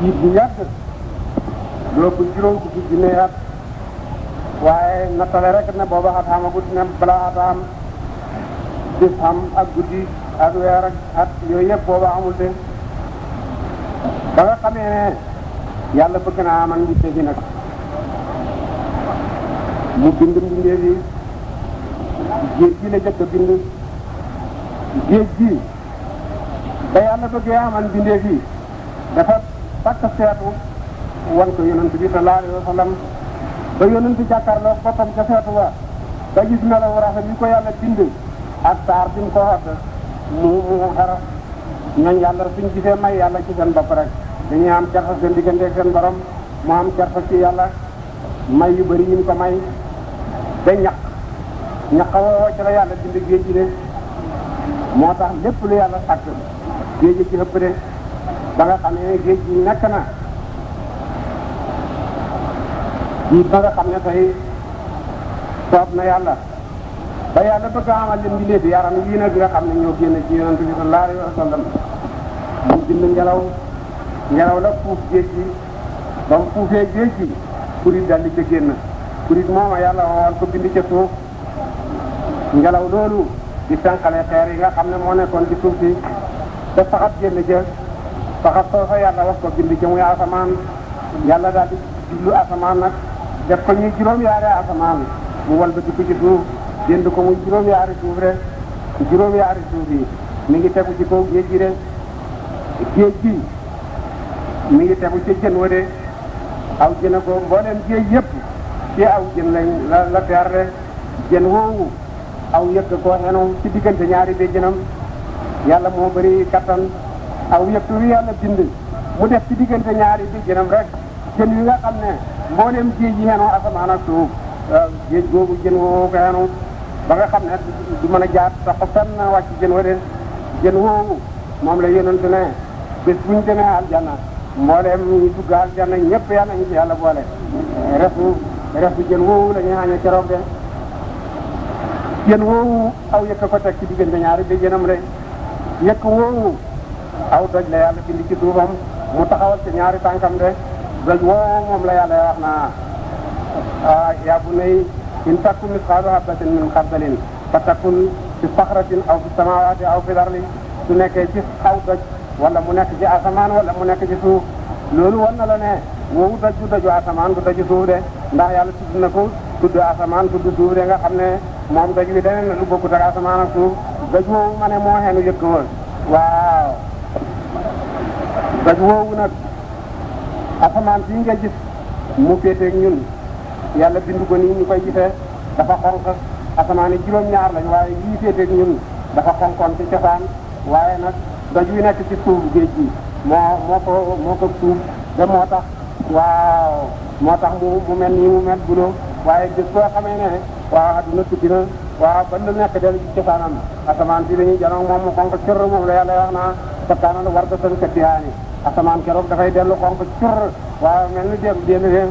jiit bu yàgg lu ëpp juróom fukki junne at waaye nattale rek ne booba at amagut ne balaa at am bis am ak guddi ak weer ak at yooyu yëpp booba amul de ba nga xamee ne yàlla bëgg naa man mbindeef yi nag mu bind mbindeef yi géej gi la jëkk a bind géej gi ba yàlla bëggee aman mbindeef yi dafa takk seetu wan ko yonent bi sallallahu alayhi wa sallam ba yonent bi jàkkaarloo boppam ca seetu ba ba gis melaw rafet yi ko yàlla bind ak taar bi ko xott mu mu xara ñooñ yàlla suñ gisee may yàlla ci seen bopp rek dañuy am certa seen digganteeg seen borom mu am certa ci yàlla may yu bëri yi mu ko may ba ñaq ñaq woo ci la yàlla bind géej gi moo tax lépp lu yàlla sàkk géej gi ci ëpp ba nga xam géej gi na ci ba nga xam ne tey soob na yàlla ba yàlla bëgg a amal leen mbindeef yaram yii nag nga xam ne ñoo génn ci yonent bi sallallahu alayhi wa sallam mu bind ngelaw ngelaw la fuuf géej gi ba mu fuufee géej gi kurit daldi ca génn kurit mooma yàlla woon ko bind ca suuf ngelaw loolu di sànqale xeer yi nga xam ne moo nekkoon ci suuf si te faxat génn ca faxat soo fa yàlla wax ko bind ca muy asamaan yàlla daal di asamaan nag def ko ñuy juróom-yaari asamaan mu walbatiku ci suuf jënd ko muy juróom-yaari suuf rek juróom-yaari suuf yi mi ngi tegu ci kaw géej gi rek géej gi mi ngi tegu ci jën wa de aw jën a ko mbooleem géej yëpp ci aw jën la la teer rek jën woowu aw yëkk ko xenu ci diggante ñaari bi jënam yàlla moo bari kattan aw yëkk wi yàlla bind mu def ci diggante ñaari bi jënam rek jën yi nga xam mboolem géej yi xenoo asamaan ak suuf géej googu jën woowu ko xenu ba nga xam ne du mën a jaar sax fenn wàcc jën wa de jën moom la yonentu ne bés bu ñu demee aljanna mboolem ñu dugg aljanna ñëpp yàlla ñu ci yàlla boole refu refu jën woowu la ñuy xañe keroog de jën woowu aw yëkk ko teg ci diggante ñaari bi jënam de yëkk woowu aw doj la yàlla bind ci duubam mu taxawal ci ñaari tànkam de doj woowu moom la yàlla wax naa ah, yaa bunayya in takku misqaalu habatin min xardalin fa takun fi saxratin aw fi samawaati aw fi lardi su nekkee ci aw doj wala mu nekk ci asamaan wala mu nekk ci suuf loolu war na la ne woowu doj bu doju asamaan bu doju suuf de ndax yàlla tudd na ko tudd asamaan tudd suuf de nga xam ne moom doj wi dana ne lu bokkut ak asamaan ak suuf doj ma ne moo xeenu yëkk woon waaw doj woowu nag asamaan fii nga gis mu féeteeg ñun yàlla bindu ko nii ñu koy gisee dafa xonq asamaan yi juróom-ñaar lañ waaye yii féeteeg ñun dafa xonqon ci cosaan waaye nag doj nekk ci suuf géej gi moo moo ko moo ko suuf ba moo tax waaw moo tax mu mel nii mu mel bulo waaye gis koo xamee ne waaw aduna tukki na waaw ba lu nekk dellu ci cosaanam asamaan si dañuy janoog moom mu xonk cur moom la yàlla wax naa sa kaanal war da tan kattihaani asamaan keroog dafay dellu xonk cur waaw mel ni démb démb fee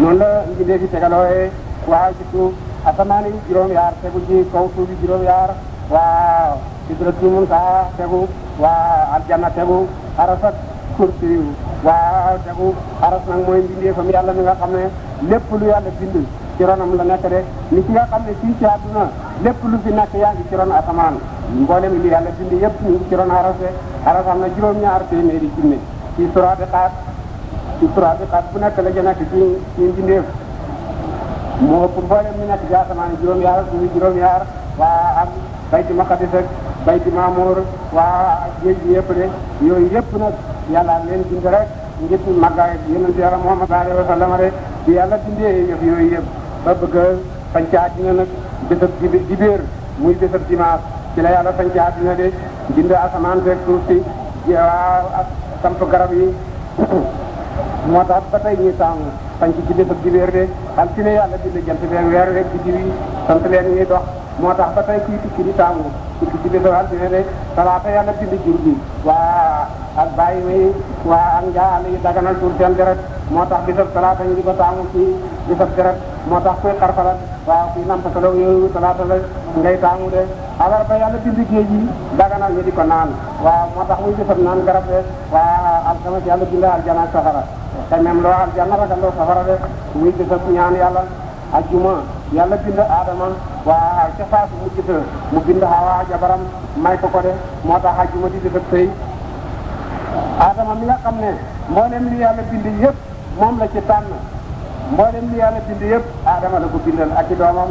noonu la mbindee fi tegalooyee waaw ci suuf asamaan yi juróom yaar tegu ci kaw suuf juróom yaar waaw sidratul muntaha tegu waaw aras nag mooy mbindee fam yàlla mi nga xam ne lépp lu yàlla bind ci ronam la nekk de ni ci nga xam ne fii ci àdduna lépp lu fi nekk yaa ngi ci ron asamaan mboolem li yàlla bind yëpp ñu ngi ci ron arase aras am na juróom-ñaar téeméeri junni ci trois bi xaat bi xaat bu nekk la ca nekk ci ci mbindeef boole ëpp mboolem ñu nekk ci asamaan juróom-yaar suñu juróom-yaar waa am bayti maqadis ak bayti maamoor waa géej gi yëpp de yooyu yëpp nag yàlla leen bind rek ngir màggaay yonent yàlla Muhammad sallallahu alayhi wa sallam rek di yàlla bindee yëf yooyu yëpp ba bëgg a sanc àddina nag bésab di muy bésab dimanche ci la yàlla sanc àddina de bind asamaan feeg suuf si waaw ak samp garab yi moo tax ba tey ñuy tàmm sanc ci bésab di béer de xam si ne yàlla bind jant been weer rek di jiwi sant dox moo tax ba tey kuy tukki di tàmm tukki ci bésab altine de talaata yàlla bind jur gi waa ak bàyyi may waa ak njaa àll yi daganal tuur seen deret moo tax bésab talaata ñu di ko tàmm ci di saf garab moo tax kuy xarfalal waaw kuy nampasalaw yooyu talaata la ngay taamu de alors ba yàlla bind géej yi daganal ñu di ko naan waaw moo tax muy jëfam naan garab de waaw alxames yàlla bind aljana ak safara te même loo aljana ragandoo safara de muy jëfam ñaan yàlla ajjuma yàlla bind aadama waaw ca faatu mu jëfë mu bind xawaa jabaram may ko ko de moo tax ajjuma di jëfam sëy aadama mi nga xam ne mboolem li yàlla bind yëpp moom la ci tànn mboolem li yàlla bind yëpp aadama la ko bindal ak i doomam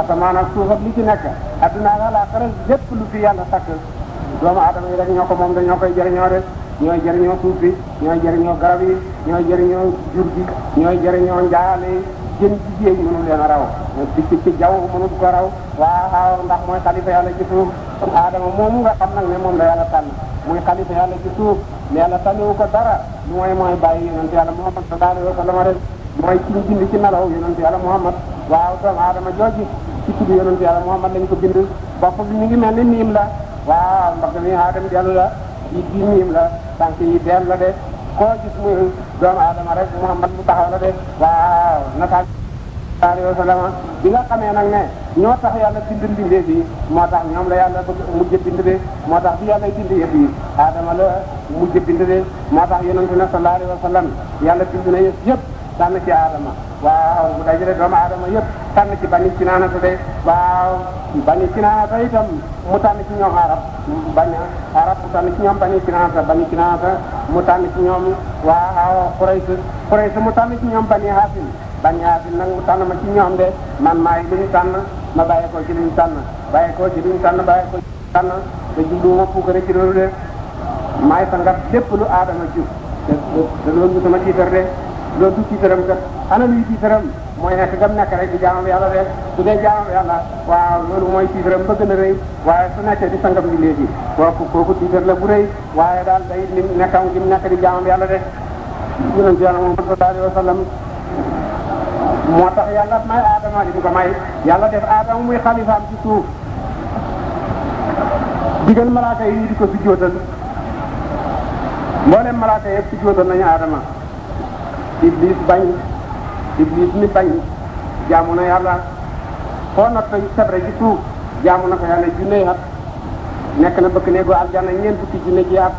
asamaan ak suuf ak li ci nekk adduna ak àllaaxira lépp lu fi yàlla sakk doomu aadama yi rek ñoo ko moom dañoo koy jëriñoo de ñooy jëriñoo suuf bi ñooy jëriñoo garab yi ñooy jëriñoo jur gi ñooy jëriñoo njaale jën ci jéeg mënul leen a raw ci ci jaww mënul ko raw waaw ndax mooy xalifa yàlla ci suuf aadama moomu nga xam moom la yàlla tànn muy xalifa yàlla ci suuf yàlla tànniwu ko dara lu mooy mooy bàyyi yonent yàlla Muhammad sallallahu alayhi wa sallam mooy ci ñu bind ci nelaw yonentu yàlla Muhammad waaw doomu aadama jooju ci tudd yonentu yàlla Muhammad lañ ko bind bopp bi mi ngi mel ni niim la waaw mbagg mi aadama dellu la yi bi niim la tànk yi deel la de koo gis muy doomu aadama rek Muhammad bu taxaw la de waaw nataal alayhi wa sallam bi nga xamee nag ne ñoo tax yàlla bind mbindee bi moo tax ñoom la yàlla bëgg mujj bind de moo tax bi yàlla bind yëpp yi aadama la mujj bind de moo tax yonentu ne sallallahu alayhi wa sallam yàlla bind na yëpp yëpp tànn ci aadama waaw bu dajale doomu aadama yëpp tànn ci bani kinaanata de waaw bani kinaanata itam mu tànn ci ñoom arab bani arab mu tànn ci ñoom bani kinaanata bani kinaanata mu tànn ci ñoom waaw Quraysh Quraysh mu tànn ci ñoom bani Haasim bani Haasim nag mu tànn ma ci ñoom de man maay li ñu tànn ma bàyyi ko ci li ñu tànn bàyyi ko ci li ñu tànn bàyyi ko ci li ñu tànn te jubluwuma puukare ci loolu de maay sangat lépp lu aadama jub te loolu du tiitaram kat ana luy tiitaram mooy nekk gam nekk di jaamam yàlla rek loolu mooy tiitaram ba gën a waaye su nekkee di sangam bi ko kooku kooku tiitar la bu rëy waaye daal day nekkam gi nekk di jaamam yàlla rek yonent yàlla moom sallallahu alayhi wa sallam moo tax yàlla may aadama di ko may yàlla def aadama muy xalifaam ci suuf digal malaaka yi di ko sujjóotal mboolem malaaka yëpp sujjóotal nañu aadama iblis bañ iblis mi bañ jaamu na yàlla foo natt sabre ji tuub jaamu na ko yàlla junne at nekk na bëkk néegu aljana ñeent fukki junne ci at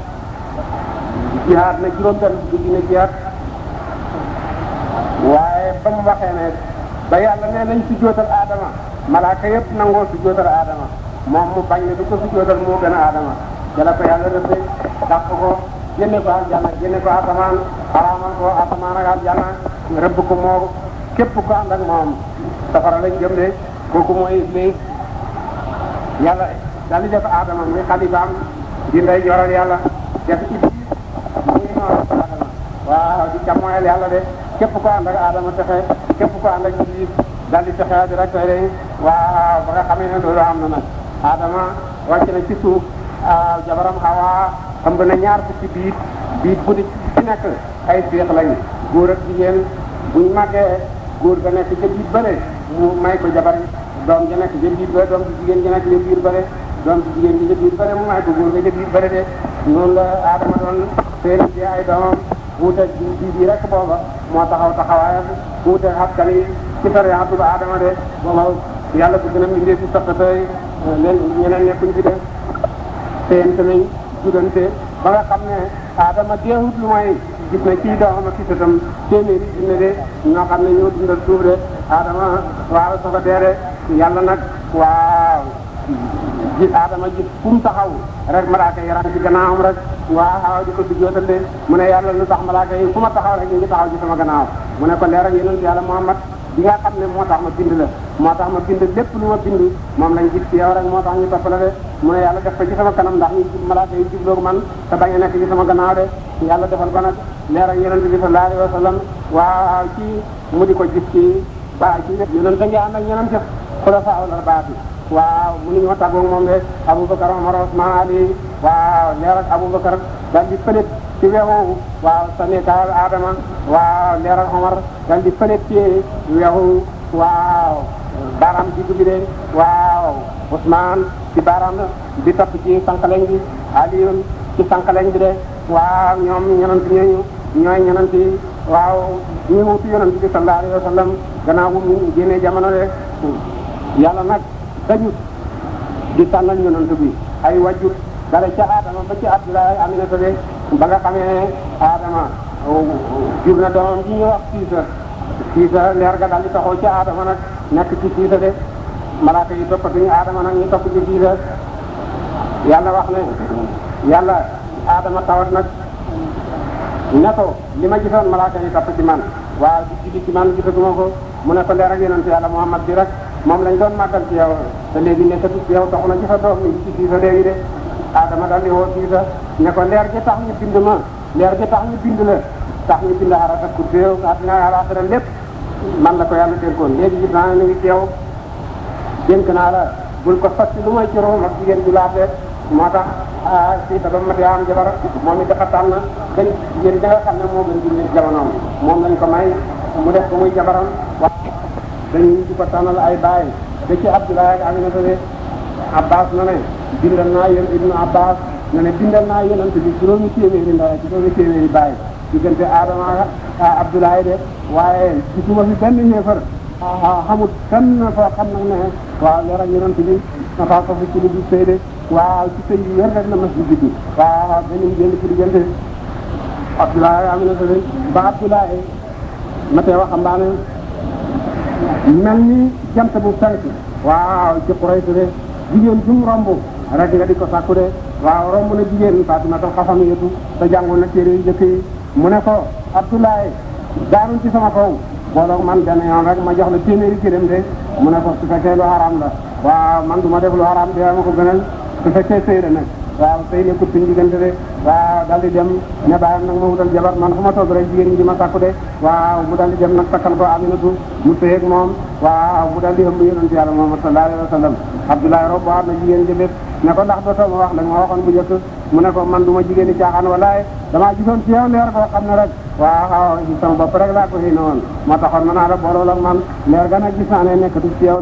jihaad na juróom benn fukki junne ci at waaye ba mu waxee ba yàlla ne nañ si jootal aadama malaaka yëpp nangoo si jootal aadama mu bañ ne du ko si jootal moo gën jala ko yàlla rëbbe dàq ko génne ko aljana xaraamal ko asamaan ak àjjana rëbb ko moo képp ko ànd moom safara lañ de ko ànd ak aadama texe képp ko ànd ak iblis daal di texe di rek koy de waaw ba nga xamee ne loolu am na nag na ci suuf ah, jabaram xawaa xam ñaar fukki biit biit bu nekk ay féex lañu góor bu jigéen buñ màggee góor ga nekk ca ba bële mu may ko jabar doom ja nekk ca biir bële doom ji jigéen ja nekk ba biir bële doom ji jigéen ji ca biir bële mu may ko góor ga ca biir bële de noonu la aadama doon féeri ci ay a wuute ji bi rek booba moo taxaw taxawaayam wuute askan yi ci tar abdul aadama de booba yàlla bu gën a mbindee si soxna tey euh, leen ñeneen nekkuñ fi de séente nañ judante ba nga ne Adama deewut lu mooy gis ne kii doomam ak kii sëtam téeméeri dina de ñoo xam ne ñoo dundal suuf de Adama waaw soo dee de yàlla nag waaw ji Adama ji fu mu taxaw rek malaaka yi ran ci gannaawam rek waaw di ko dugootal de mu ne yàlla lu sax malaaka yi fu ma taxaw rek ñu ngi taxaw ci sama gannaaw mu ne ko leer ak yonent yàlla Muhammad bi nga xam ne moo tax ma bind la moo tax ma bind lépp lu ma bind moom lañ gis ci yow rek moo tax ñu topp la de mu ne yàlla def ko ci sama kanam ndax ñu malaaka yi jubloog man te bañ a nekk ci sama gannaaw de yàlla defal ko nag leer ak yonente bi sallallahu alayhi wa sallam waaw ci mu di ko gis ci ba ci yonente ngi ànd ak ñeneen jëf xulafa wala baat yi waaw mënuñoo tàggoog moom de Aboubacar Omar Ousmane Ali waaw leer ak Aboubacar daal di pëlit ci weex woowu waaw sànni taal Adama waaw leeral Omar dal di fële téye weexu waaw baaraam di dugg de waaw Ousmane ci baaraam bi topp ci sànqaleñ bi Alioune ci sànqaleñ bi de waaw ñoom ñanant ñooñu ñooy ñanant yi waaw ñi wutu yonent bi sallallahu alayhi wa sallam jamono de yàlla nag dañut di tànnal yonent bi ay wajjut dara ca Adama ba ci Abdoulaye Aminata de ba nga xamee ne Adama oh, oh, jur na doomam ji ñu wax siisa siisa leer ga daal di taxaw ci Adama nag nekk ci siisa de malaaka yi toppatuñu Adama nag ñu topp ci siisa yàlla wax ne yàlla Adama tawat nag ne ko li ma gisoon malaaka yi topp man waaw di julli ci man ko mu ne ko leer ak yonent yàlla Muhammad bi rek moom lañ doon ma ci yow te léegi nekkatu ci yow taxu na ci sa doom ni ci siisa léegi de Adama daal di woo Siisa ne ko leer gi tax ñu bind ma leer gi tax ñu bind la tax ñu bind xarata ku teew àddina lépp man la ko yàlla dénkoon léegi gis naa ne ci yow dénk naa la ko fas lu may ci room ak jigéen moo tax Siisa ah, ba mat yaa am jabar moom it dafa xam ne moo gën di jamonoom moom lañ ko may mu def ko muy jabaram dañu di ko tànnal ay baay da ci Abdoulaye ak Aminata de Abbas na ne bindal naa yéen ibnu abbas na bindal naa yonent bi juróomi téeméeri ndaw juróomi téeméeri bàyyi diggante aadama ak abdoulaye de waaye gisuma fi benn ñeefar xamut kenn foo xam nag ne waaw leer ak yonent bi nafaa ko fi ci lu dul sëy de waaw ci sëy yu wér rek la mas di dugg waaw dañuy jënd ci diggante abdoulaye am na sëriñ ba abdoulaye ma tee waxambaane mel ni jant bu fenk waaw ci Quraysh de jigéen jum romb wala di nga di ko sàkku de waaw romb na jigéen Fatimata xasam yëtu te jàngoon na téere yu jëkk yi mu ne ko Abdoulaye daaruñ ci sama kaw booloo man benn yoon rek ma jox la téeméeri kiram de mu ne ko su fekkee lu haram la waaw man du ma def lu haram de ma ko gënal su fekkee sëy la nag waaw sëy nekkut de waaw dal di dem ne bàyyam nag ma wutal jabar man fu ma toog rek jigéen ñi di ma sàkku de waaw mu dal di dem nag takkal ko Aminatu mu moom waaw mu dal di ëmb yonent yàlla Muhammad sallallahu alayhi wa sallam Abdoulaye Rob boo xam ne jigéen ne ko ndax dootoo wax dañ ma waxoon bu njëkk mu ne ko man du ma jigéen ñi caaxaan walaay damaa gisoon ci yow leer koo xam ne rek waaw waaw si sama bopp rek laa ko xëy na woon moo taxoon ma naa la boolewul ak man leer ga nag gis naa ne nekkatu ci yow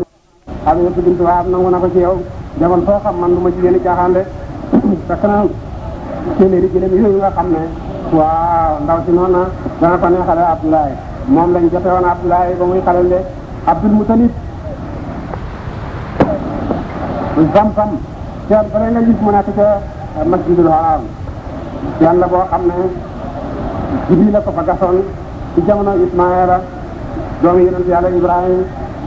xam nga yëpp bintu waam nangu na ko ci yow demal foo xam man du ma jigéen ñi caaxaan de fekk na téeméeri jëlem yooyu nga xam ne waaw ndaw si noonu na dana ko neexale Abdoulaye moom lañ jote woon Abdoulaye ba muy xalel te bare na gis mu nekk ca masjidul haram yàlla boo xam ne jibi la ko fa gasoon ci jamono Ismaayla doomu yonent yàlla Ibrahim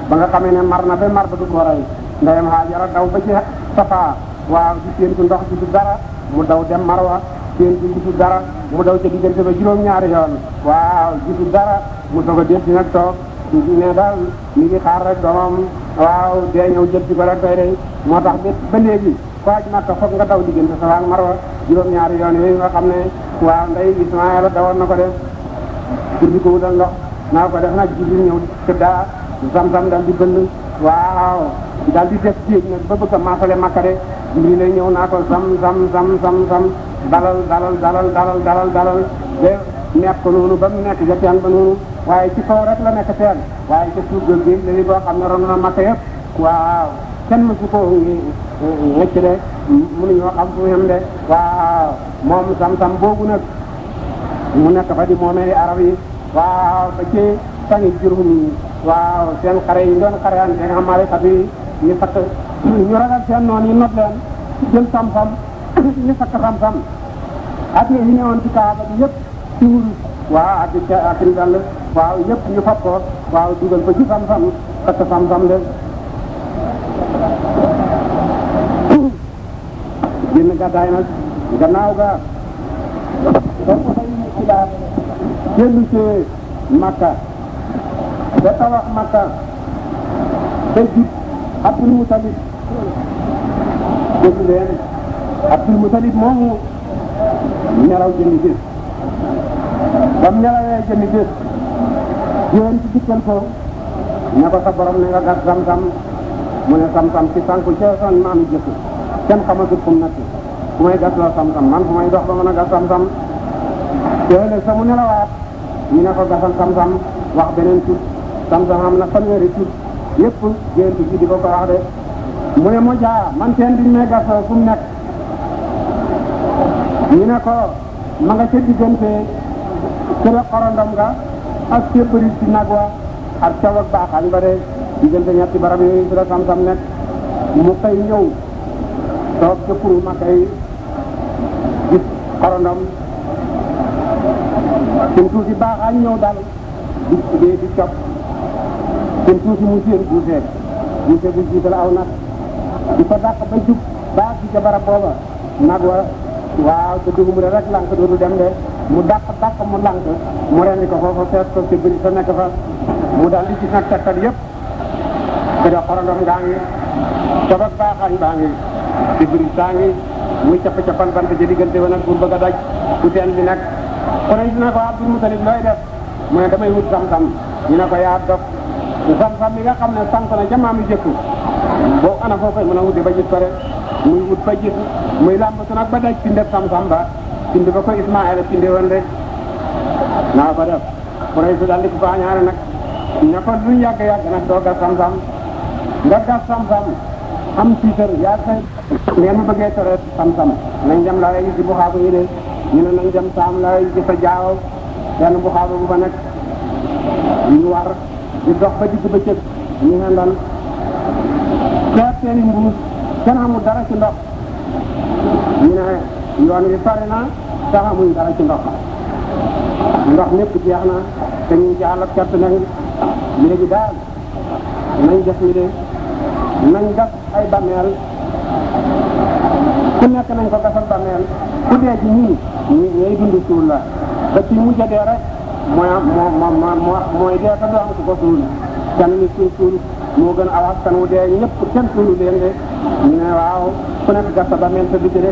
ba nga xamee ne mar na ba mar ba du ko rey ndeyam Haajara daw ba ci Safa waaw di séentu ndox ci du dara mu daw dem Marwa séentu ci du dara mu daw ca diggante ba juróom-ñaari yoon waaw ci du dara mu doog a dégg nag toog. ne daal mi ngi xaar rek doomam waaw dee ñëw jël ko rek koy day moo tax ba ba léegi ko aj Makka foog nga daw diggante Safa ak Marwa juróom-ñaari yoon yooyu nga xam ne waaw nday Ismaayla dawoon na ko def pour di ko wutal ndox naa ko def nag jibril ñëw tëddaa zam-zam daal di bënd waaw daal di def jéeg nag ba bëgg a maasale Makka de jibril lay ñëw naa ko zam zam zam zam dalal dalal dalal dalal nekk ko noonu ba mu nekk ja teen ba noonu waaye ci kaw la nekk teen waaye ca suuf ga géej la li boo xam ne ron mata yëpp waaw kenn mësu ko eh, eh, wëcc de mënuñoo xam fu yem de waaw moom sam-sam boobu mu nekk fa di moomee arab yi waaw ba ci sangi juróom yi waaw seen yi doon xare an seen xamaale fat yi ñu yi not sam-sam ñu fatt sam-sam ak ci kaaba bi yëpp siwul waaw ak ca ak dal waaw yëpp ñu fab ko waaw dugal ko ci sam-sam takk sam-sam de génn gàddaay nag gannaaw ga da ko fay ne ci laa génn ci Makka da tawax Makka te jub Abdul Mutalib dégg leen Abdul Mutalib neraw jënd gis ba mu nelawee jënd bés ko ne ko sa borom ne nga gas sam-sam mu ne sam-sam ci sànku ca san maam kenn xamatul fu mu nekk fu may gas loo sam man fu may dox ba mën a gas sam-sam yooyu sa mu nelawaat ñu ne ko gasal sam wax beneen tur sam am na fanweeri tur yëpp gént ci di ko ko wax mu ne mu man teen biñ may gas fu mu nekk ñu ne ko ma nga ca diggante kër xorondom nga ak képpari ci nag wa ak caw ak baaxaañ ba de diggante ñetti barab yooyu fi la sam mu xëy ñëw toog ca pour ma koy gis xorondom suñ tuuti baaxaañ ñëw di cop suñ tuuti mu seen guusee guusee bu jiital aw nag di ko dàq ba jub baax ci barab booba nag wa waaw te dugub rek lank dootu dem de mu dàq dàq mu lànk mu rendi ko foofu fees ko ci biir sa nekk fa mu daal li ci nag tegtal yëpp ci da xorondom gaa ngi sabag baaxaañ baa ngi ci biir saa ngi muy capp cappal bant ci diggante ba nag pour bëgg a daj uteen bi nag konen dina ko Abdul Mutalib looy def mu ne damay wut sam-sam ñu ne ko yaa dof sam-sam bi nga xam ne sànq na jamaam yu jëkku boo ana foo koy a wuti ba gis pare muy wut ba gis muy làmbatu nag ba daj ci sam-sam ba bind eh. ba ko Ismaayla bindee woon naa ko def Quraysh daal di ko baañaale nag ne ko lu yàgg yàgg nag doo gas sam-sam nga gas sam-sam am tiitar yaa say ngeen bëggee tere sam-sam nañ dem laa yi si buxaabu yi de ñu ne nañ dem saam laa yi si sa jaaw benn buxaabu bu fa nekk ñu war di dox ba digg ba cëg ñu ne lan teer seen i mbuus kenn xamul dara ci ndox ñu ne yoon wi sori ma sax amuñ dara ci ndox ndox mépp jeex na te ñu ci àll cott nañ léegi daal nañ def ni de nañ def ay bàmmeel ku nekk nañ ko defal bàmmeel ku dee ci ñii ñii ñooy dund suul la te ci mujj dee rek mooy moo mooy dee te du am ko suul kenn ni suul suul moo gën aw askan wu dee ñëpp kenn suulu leen de ñu ne waaw ku nekk gas sa bàmmeel sa digg de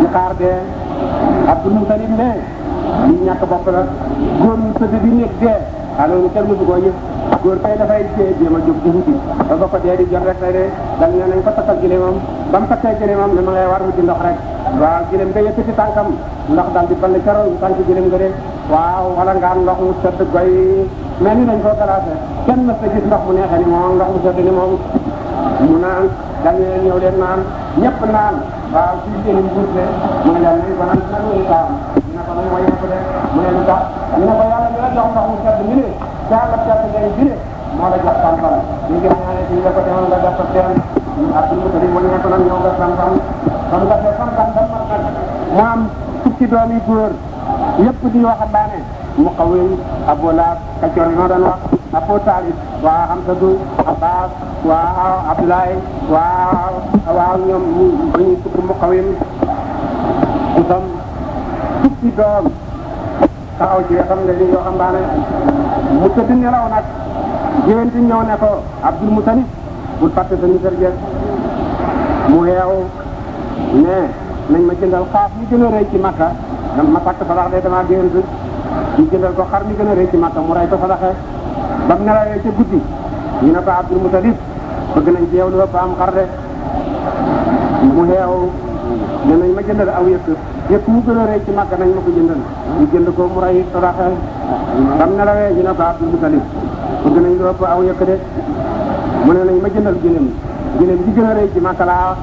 ñu xaar dee Abdul Mutalib ne lii ñàkk bopp la góor ñu sëdd bi nekk dee alors kenn mësu koo yëg góor kay dafay dee jéem a jóg di wuti ba ba ko dee di jot rek lay de dal ne nañ ko takkal gileemam ba mu takkee gileemam ne ma ngay war wuti ndox rek waaw gileem nga yëkkati tànkam ndox dal di ball carol tànk gileem nga de waaw wala nga am ndox mu sëdd goy mel ni dañ koo classé kenn mës a gis ndox mu neexee ni moom ndox mu sëdd ni moom mu naan dal ne ñëw leen naan ñëpp naan waaw ci seen nguur de mu ne leen ba naan dina doon lu tax ñu ne di wone ko nag mu am fukki doom yi góor yëpp ka cor ñoo doon wax Abu Talib waaw Hamsatu Abbas waaw Abdoulaye waaw waaw ñoom ñu ñu tudd Muqawim kusam fukki doom taxaw ci wetam nga ñu yoo xam daane mu tëdd nelaw nag géwénti ñëw ne ko Abdul Mutalib bul fàtte sa nitar mu yeew ne nañ ma jëndal xaaf mi gën a rëy ci Makka ma takk sadax de damaa géwénti ñu jëndal ko xar mi gën a rëy ci Makka mu rey ko sadaxee ba mu nelawee ca guddi ñu ne ko Abdul Mutalib bëgg nañ ci yow lu ëpp am xar de mu xeew ne ma jëndal aw yëkk yëkk mu gën a ci màgg nañ ma ko jëndal ñu jënd ko mu rey sadaqa ba mu ñu ne ko Abdul Mutalib bëgg nañ lu ëpp aw yëkk de mu ne nañ ma jëndal gëlëm gëlëm gi gën a ci màgg laa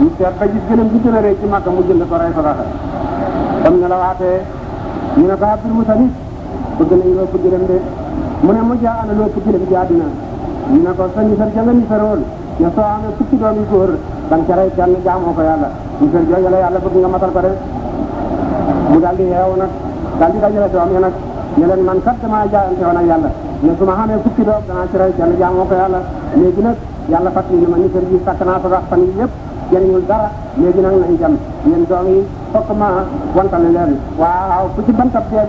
ñu seet mu jënd ko rey sadaqa ba mu ñu ne ko Abdul Mutalib bëgg nañ lu ëpp gëlëm de mu ne mu jaa ana loo tukkilam ci àdduna ñu ne ko sa nisar ja nga nisaroon ne soo amee fukki doom yu góor da nga ca rey kenn nisar jooju la yàlla bëgg matal ko mu daal di yeewu nag daal di dajale man kat damaa jaayante woon ak yàlla ne su ma xamee fukki doom danaa ci rey kenn jaamoo ko yàlla léegi nag yàlla fàttali ma nisar ji sàkk naa ko wax fan yëpp jëriñul dara léegi nag nañ jam yéen doom yi fokk ma wantale leen waaw ku ci bantab dee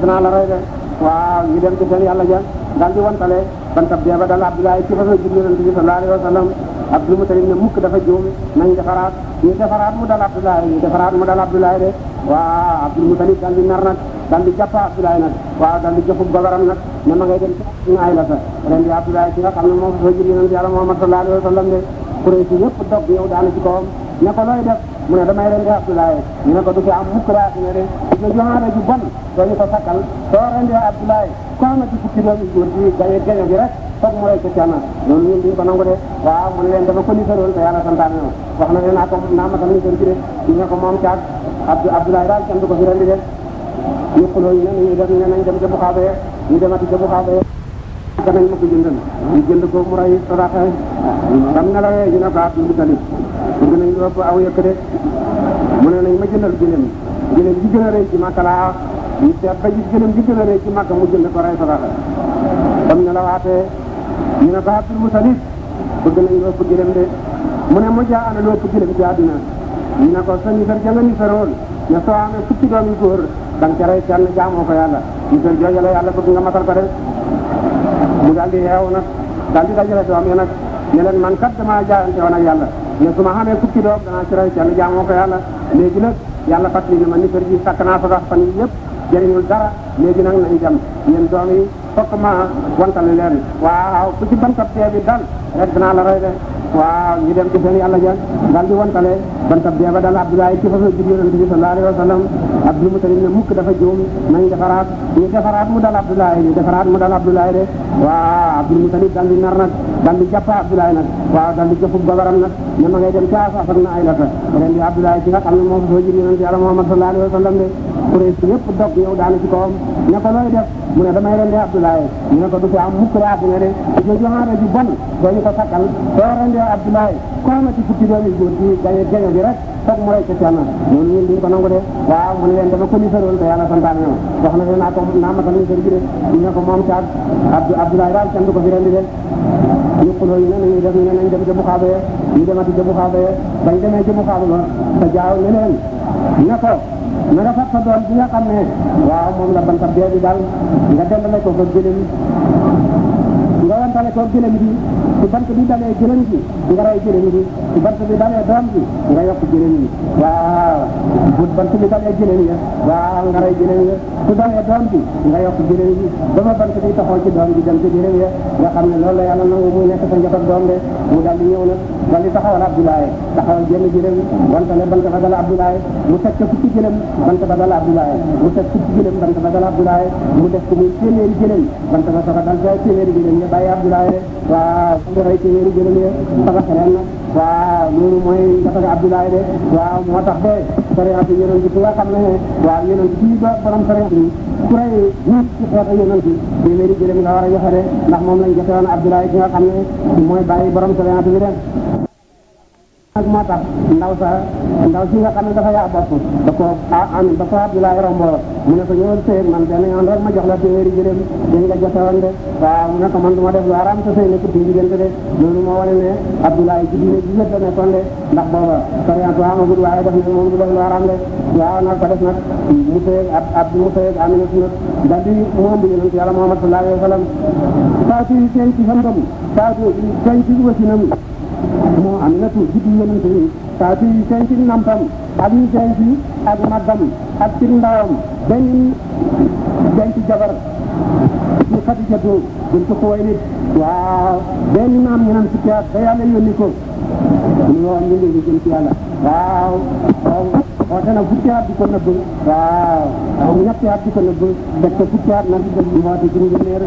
dinaa la rey de waaw ñu dem ci seen yàlla ja daal di wantale bantab dee ba dal Abdoulaye ci fasa jub yonent bi sallallahu alayhi wa sallam Abdul Mutalib ne mukk dafa juum nañ defaraat ñu defaraat mu dal Abdoulaye ñu defaraat mu dal Abdoulaye de waaw Abdul Mutalib daal di nar nag daal di jàpp Abdoulaye nag waaw daal di joxu gobaram nag ne ma ngay dem ci ñu la sa ren di Abdoulaye ci nga xam ne moo fasa jub yonent yàlla Muhammad sallallahu alayhi de kuréel si yëpp dog yow daanu ci ne ko looy def mu ne damay rendi Abdoulaye ñu ne ko du fi am mukk laa fi ñëwee di nga joxaana ju bon doo ñu ko sakkal soo rendee Abdoulaye ko na ci fukki doomi góor bi gañe gañe bi mu rey ko loolu ñun duñ ko de waaw mu ne leen ko liggéeyoon te yàlla santaane na wax na ne naa ko naa ma tam liggéey ci de ñu ko moom caag Abdou Abdoulaye daal kenn ko fi rendi de ñu xuloo ñu ne ñu def ñu ne nañ dem ca ñu demati ca Buxaabe danañ ma ko jëndal ñu jënd ko mu ray sadaqa bam nelawee ñu ne ko Abdul Mutalib bëgg nañ lu ëpp aw yëkk de mu ne nañ ma jëndal gëlëm gëlëm gi gën a rëy ci Makka laa ñu seet ba gis gëlëm gi gën a rëy ci Makka mu jënd ko ray sadaqa bam nelawaatee ñu ne ko Abdul Mutalib bëgg nañ lu ëpp gëlëm de mu ne mu jaa ana lu ëpp gëlëm ci àddina ñu ne ko sa nisar ja nga nisaroon ne soo amee fukki doomi góor da nga ca rey kenn jaamoo ko yàlla nisar jooja la yàlla bëgg nga matal ko de mu daal di xew nag daal di dajale nag ne man kat damaa jaayante woon ak yàlla ne su ma xamee fukki doom danaa ci rey kenn jaamoo ko yàlla léegi nag yàlla fàttali ne ma ni kër gi sàkk naa fa yëpp jëriñul dara léegi nag nañ dem yéen doom yi fokk ma wantale leen waaw ku ci bantab dee bi dal rek dinaa la rey waaw ñu dem ci seen yàlla ja daal di wantale bantab dee ba dal Abdoulaye ci façon jub yonent bi sallallahu alayhi wa sallam Abdul ne mukk dafa juum nañ defaraat ñu defaraat mu dal Abdoulaye ñu defaraat mu dal Abdoulaye de waaw Abdul Mutalib daal di nar nag daal di jàpp Abdoulaye nag waaw daal di jëfub gobaram nag ne ma ngay dem ca Saafak na ay la fa ren di Abdoulaye ci nga xam ne moom soo jub yonent yàlla Muhammad sallallahu alayhi wa sallam de Quraysh yëpp dog ñëw daanu ci kawam ne ko looy def mu ne damay rendi Abdoulaye mu ne ko du fi am mukk ko sakkal soo rendee Abdoulaye koo ma ci fukki doomi góor ci gañe gañe bi rek foog mu rey ca kenn ñun ñun duñ ko nangu de waaw mu ne dama ko lisaroon te yàlla santaane na wax na naa naa ma ko lisar de ñu ne ko moom caag Abdou Abdoulaye daal du ko fi rendi de ñu xuloo ñu ne nañuy def ñu ne nañ dem jëmu xaaba ye ñu demati jëmu xaaba ye bañ demee jëmu xaaba ba na nga fab doom bi nga xam ne waaw moom la banta bee bi daal nga dendale ko ko gëlëm nga wantale ko gëlëm gi su bant bi dalee gëlëm gi nga bi dalee doom gi nga yokk gëlëm gi waaw bu bant bi dalee gëlëm ya waaw nga rey gëlëm ya su dalee doom bi nga yokk gëlëm gi dama bant bi taxaw ci doom gi dem ci gëlëm ya nga xam ne loolu la yàlla nangu muy nekk sa njaboot doom de mu daal di ñëw man li taxawal Abdoulaye taxawal jenn jëlem wante ne bant ba dal Abdoulaye mu teg ko fukki jëlem bant ba dal Abdoulaye mu teg fukki jëlem bant ba dal Abdoulaye mu def ko muy téeméeri jëlem bant ba dal téeméeri jëlem ya bàyyi Abdoulaye waaw su ko defee téeméeri jëlem ya tabax waaw loolu mooy njaboot Abdoulaye de waaw moo tax de sariya bi yonent waa nga xam ne waaw yonent bi ba borom sariya bi ku rey nit ci xeetu yonent bi di leen jëlee nga war a joxe de ndax moom lañ joxe woon Abdoulaye bi nga xam ne mooy bàyyi borom sariya bi de ak moo tax ndaw sa ndaw si nga xam ne dafa yaa bopp da ko ah, am da ko Abdoulaye rombo mu ne ko ñëwal sëy man benn yoon rek ma jox la téeméeri jërëm dañ nga jote woon de waaw mu ne ko man du ma def lu araam sa sëy nekk ci diggante de loolu moo wane ne Abdoulaye ci diine ji yëpp la nekkoon de ndax booba soriyant amagul waaye def ne moom du def lu araam de waaw nag ko def nag mu sëy ab ab mu sëy amina si nag dal di moom bi yonent yàlla Muhammad sallallahu wa sallam moo am na yonent bi saa suy feeñ ci nampam ak ñu feeñ ci ak màggam ak ci ndawam benn denc jabar ci Xadijatu bintu waaw benn maam ñeneen fukki at ba yàlla yónni ko ñu woon ñu ngi jëm ci waaw waaw woote na fukki at di ko nëbb waaw waaw ñetti at di ko nëbb def ko fukki at nag di dem woote ci ngir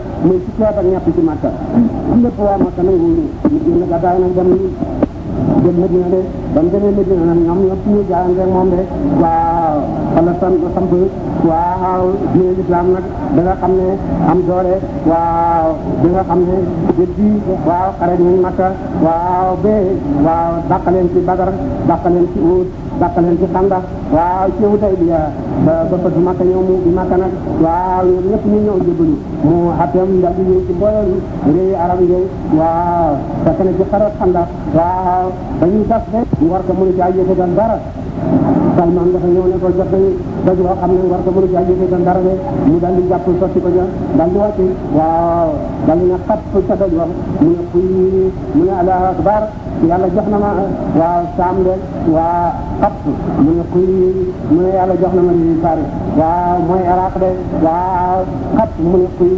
lépp waa Makka nag ñu ngi gàddaay nag dem dem Medina de ba mu demee Medina nag ñoom ñëpp ñu jaarante moom de waa waaw wala son bu samp waaw diine lislaam nag da nga xam ne am doole waaw da nga xam ne jëddi waaw xare nañ makka waaw ba waaw dàqaleen ci badar dàqaleen ci uut dàqaleen ci xanda waaw ci Hudaybiya ba ba fatu makka ñëw mu bi makka nag waaw ñoom ñëpp ñu ñëw jébbalu mu xatteem ndax ñu ci mbooleem réewi arab yooyu waaw fekk na ci xare xanda waaw dañuy gas de war ko mën a jaay yëpp dara Salman dafa ñëw ne ko jot nañu doj woo xam ne war ko mën a jaajëfee doon dara de mu daal di jàpp sotti ko ja daal di wàcc waaw daal di ne xat ca doj wa mu ne fuy mu ne allahu akbar yàlla jox na ma waa saam de waa xapt mu ne kuy mu ne yàlla jox na ma lii pari waa mooy araq de waa xapt mu ne kuy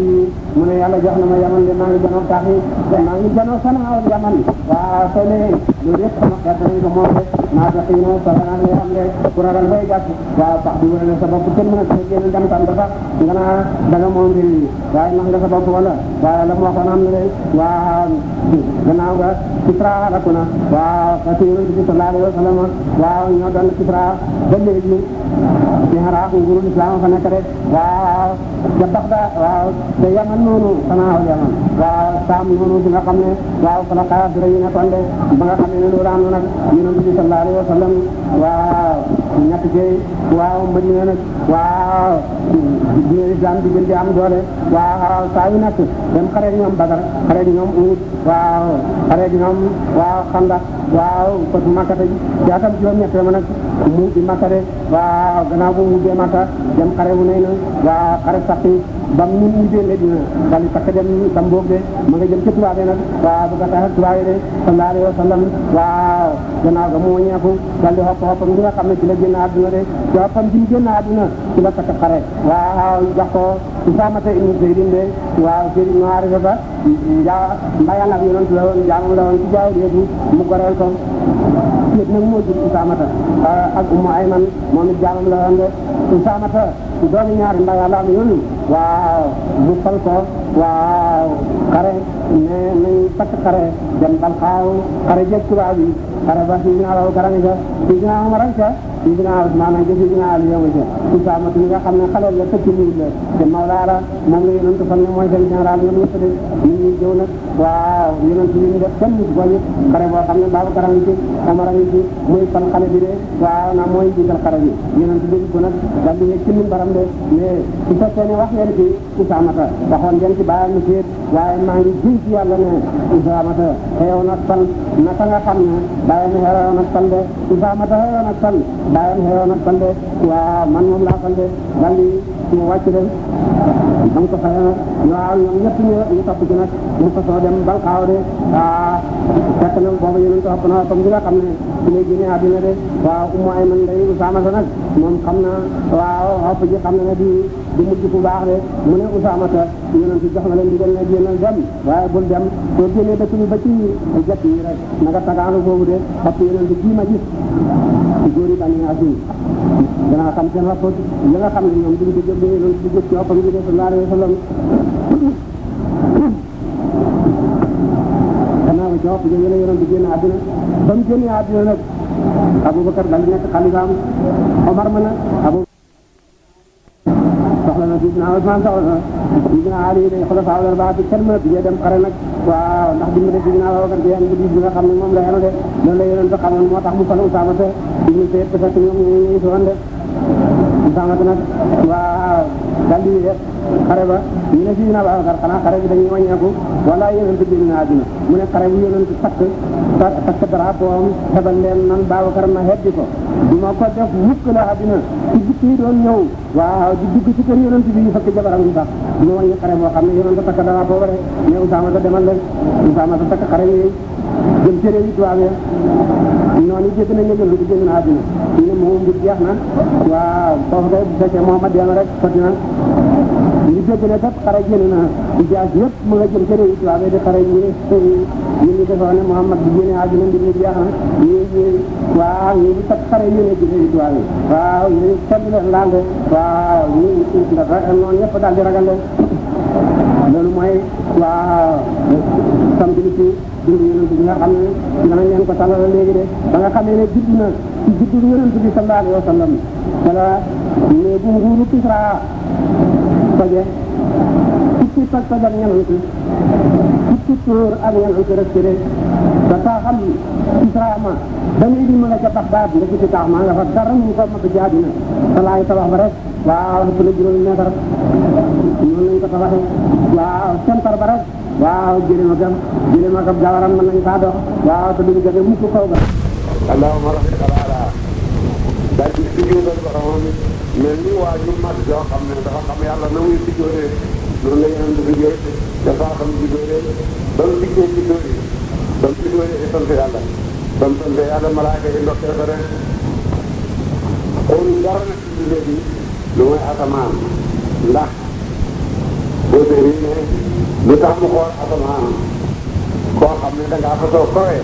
mu ne yàlla jox na ma yaman de maa ngi janoo taax yi maa ngi janoo sanaa yaman waa soo ne loolu yëpp sama xeet moom de maa tax yi noonu sa banaan lay am de ku ragal bay gàtt waa sax di wërale sa bopp kenn mën a tëj génn dem tam dafa nga naa da nga moom mbir yi waaye nax sa bopp wala waa la mu waxoon am de waa gannaaw nga ci yokku na waaw parce que yonent bi sallallahu alayhi wa sallam waaw ñoo doon Kisra ba léegi ci xaraaf nguuru islam fa nekk rek waaw ca Baxda waaw te yaman noonu sanaaw yaman waaw saam noonu bi nga xam ne waaw fa la xaar dara yi nekkoon de ba nga xam ne loolu am na nag yonent bi sallallahu alayhi wa sallam waaw pratiquer waaw mën na nag waaw diine lislaam di gën di am doole waaw saa yu nekk dem xare ñoom Badar xare ñoom Uhud waaw xare ñoom waaw Xandaq waaw fatu Makka te jaatam juróom-ñett ma nag mu di Makka de waaw mu dee Makka dem xare wu nay na waaw xare saxi ba mu mujjee léegi nag daal di takk dem ba mu de ma nga jëm ci tubaab yi nag waaw bu ko taxee tubaab yi de sallallahu alayhi wa sallam waaw gannaaw ga mu wàññeeku daal di xopp xoppam bi nga xam ne ci la génn àdduna de ci xoppam bi mu génn àdduna ci la takk xare waaw jox ko Usaamata ibnu Zaydin de waaw Zayd ibnu Haarisa ba jaa mbayaan ak yonent la woon jaamu la woon ci jaaw réew mu goreel ko Xaalid nag moo jur Usaamata ah, ak Ummu Ayman moom it la woon Usaamata ci doomi ñaari ndaw yàlla am yooyu ko waaw xare ne nañ takk xare dem bal xaaw xare jëg tubaab yi xare ba si ginnaaw raw garani ga si si ginnaaw maanaam jëf ginnaaw li yow nga xam ne xale la tëkk nii la te Mawla la moom la yonent fan ne mooy seen général ñoom ñëpp de nit ñi jëw nag waaw yonent ñu def kenn nit boo ñëpp xare boo xam ne baabu karam ci amara ci muy fal xale bi de waaw na mooy jiital xare bi yonent bi ko nag dal di yëg ci min baram de mais su fekkee ne wax ngeen ci Usaama waaye maa ngi jiw ci yàlla ne Usaama ta xeyoon ak fal naka nga xam ne bàyyam na xeyoon ak fal de Usaama ta xeyoon bàyyam xewoon ak Balde waaw man moom laa Balde daal di mu wàcc leen ba mu ko fayee nag waaw ñoom ñëpp ñu ñu topp ci nag ñu fasoo dem Balkaaw de waaw fekk na boobu na comme bi nga xam ne su lay génnee àddina de waaw Umu Ayman day Usaama sa nag moom xam na waa xopp ji xam na ne bii du bu baax de mu ne Usaamata yonent jox na leen digal na génnal dem waaye bul dem soo génnee dëkk bi ba ci jot yi rek nga tagaanu foofu de parce que yonent ji ma gis ci góor yi bani Hasim danaa xam seen rapport la nga xam ne ñoom duñ ko jóg yonent di jóg ci waxam bi de sallallahu alayhi wa sallam danaa ko jox jóge na yonent génn àdduna ba mu génnee àdduna nag Aboubacar dal sidna Usmaan soxla na sidna Ali day a al-arba'a kalma bi dem xare nag waaw ndax dimbale sidna a bi yan bi nga xam ne moom la yenu de loolu la yonent xamoon moo tax mu fal Usaama te ibnu Zayd te fekk ñoom ñooy ñooy si Usaamata nag waaw dal di def xare ba ñu ne fii na ba xar xanaa xare bi dañuy wàññeeku wala yonent bi génn na àdduna mu ne xare bu yonent takk takk drapeau am tebal leen nan Babacar ma heddi ko du ma ko def mukk la àdduna ci bukk yi doon ñëw waaw di dugg ci kër yonent bi ñu fekk jabaram yu baax mu wàññi xare boo xam ne yonent takk drapeau ba rek ne Usaamata demal leen Usaamata takk xare yooyu jëm ca réew yi tubaab ya noonu yi jéggi nañ ne yonent bi génn na na waaw foofu kay bu fekkee Muhammad rek sotti na ñu ne kat génn na jaas yëpp mu nga jëm ca di xare ñu ñu bi génne àdduna mbir mi jeex na ñu ñu waaw ñu ngi kat xare yéene ji réew yi noonu di ragande loolu mooy waaw samedi dundu yonent bi nga xam ne danañ leen ko talala léegi de ba nga xamee ne judd na ci juddu yonent bi sallallahu alayhi wa sallam wala léegi nguuru Kisra toje fukki toj toj ak ñenant fukki tóor ak ñenant respiré te taaxam Kisra ma ba léegi di ma nga ca Baxdaad nga gis taax maa nga fa dara mu ko mat jaadina te laay tabax ba rek waaw ëpp na juróomi mètre noonu lañ ko tabaxee waaw centre ba rek waaw jëlima kam jëlima kam gawaram mën nañu faa dox waaw te duñu jóge mukk kaw ga allahumma rabbi xalaala daal di sujjóotal boromam mel ni waa ju joo xam ne dafa xam yàlla na muy sujjóotee noonu la yeneen ba mu dikkee ci dóor yi ba mu sujjóotee sant yàlla ba mu sant yàlla malaaka yi ndokkee rek xoolu dara nag ci dundee bi lu mooy asamaan ndax Busiri ne lu tax mu xool asamaan koo xam ne da ngaa fa soo kawe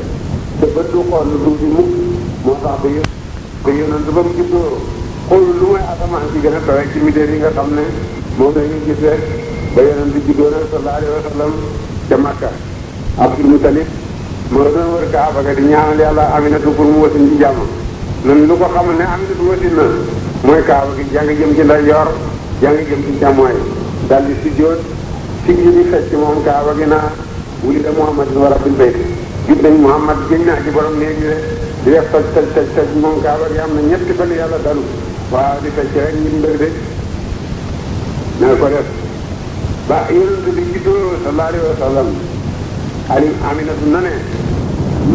te bët du xool lu tuuti mukk moo tax ba yónn ba yónnante ba mu juddoo xool lu mooy asamaan si gën a kawe ci mideer yi nga xam ne moom la ñuy gis rek ba yónnante juddoo na sallallahu alayhi wa sallam ca Makka Abdul Mutalib moo doon wër Kaaba ga di ñaanal yàlla Aminatu pour mu wasin ci jàmm nan lu ko xamal ne Aminatu wasin na mooy Kaaba gi yaa ngi jëm ci ndeyjoor yaa ngi jëm ci càmmooñ daal di si jóot sigg yi di fecc moom kaaba gi naa wulida Muhammad wa rabbil bayt gis nañ Muhammad gën naa ci borom néeg yi di def toj toj toj moom kaaba gi am na ñetti bële yàlla dalu waaw di fecc rek ñu mbër de na ko def ba yonent bi juddoo sallallahu alayhi wa sallam ali aminatu na ne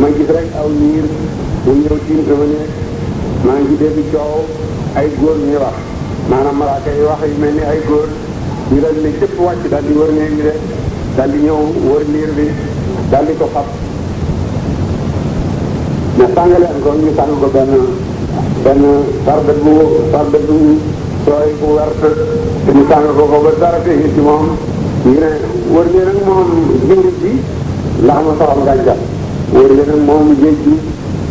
ma gis rek aw niir maa ngi dégg coow ay góor ñuy wax maanaam malaaka ni ay góor ñu daal di ne cëpp wàcc daal di wër néeg bi de daal di ñëw wër liir bi daal di ko fab mais sàngaleen ko ñu sàng ko benn benn sarbat bu sarbat bu sooy bu wert te ñu sàng ko ko ba dara feeñu ci moom ñu ne wër leen ak moom jëngi ji ndax ma soxal gàncax wër leen ak moom géej gi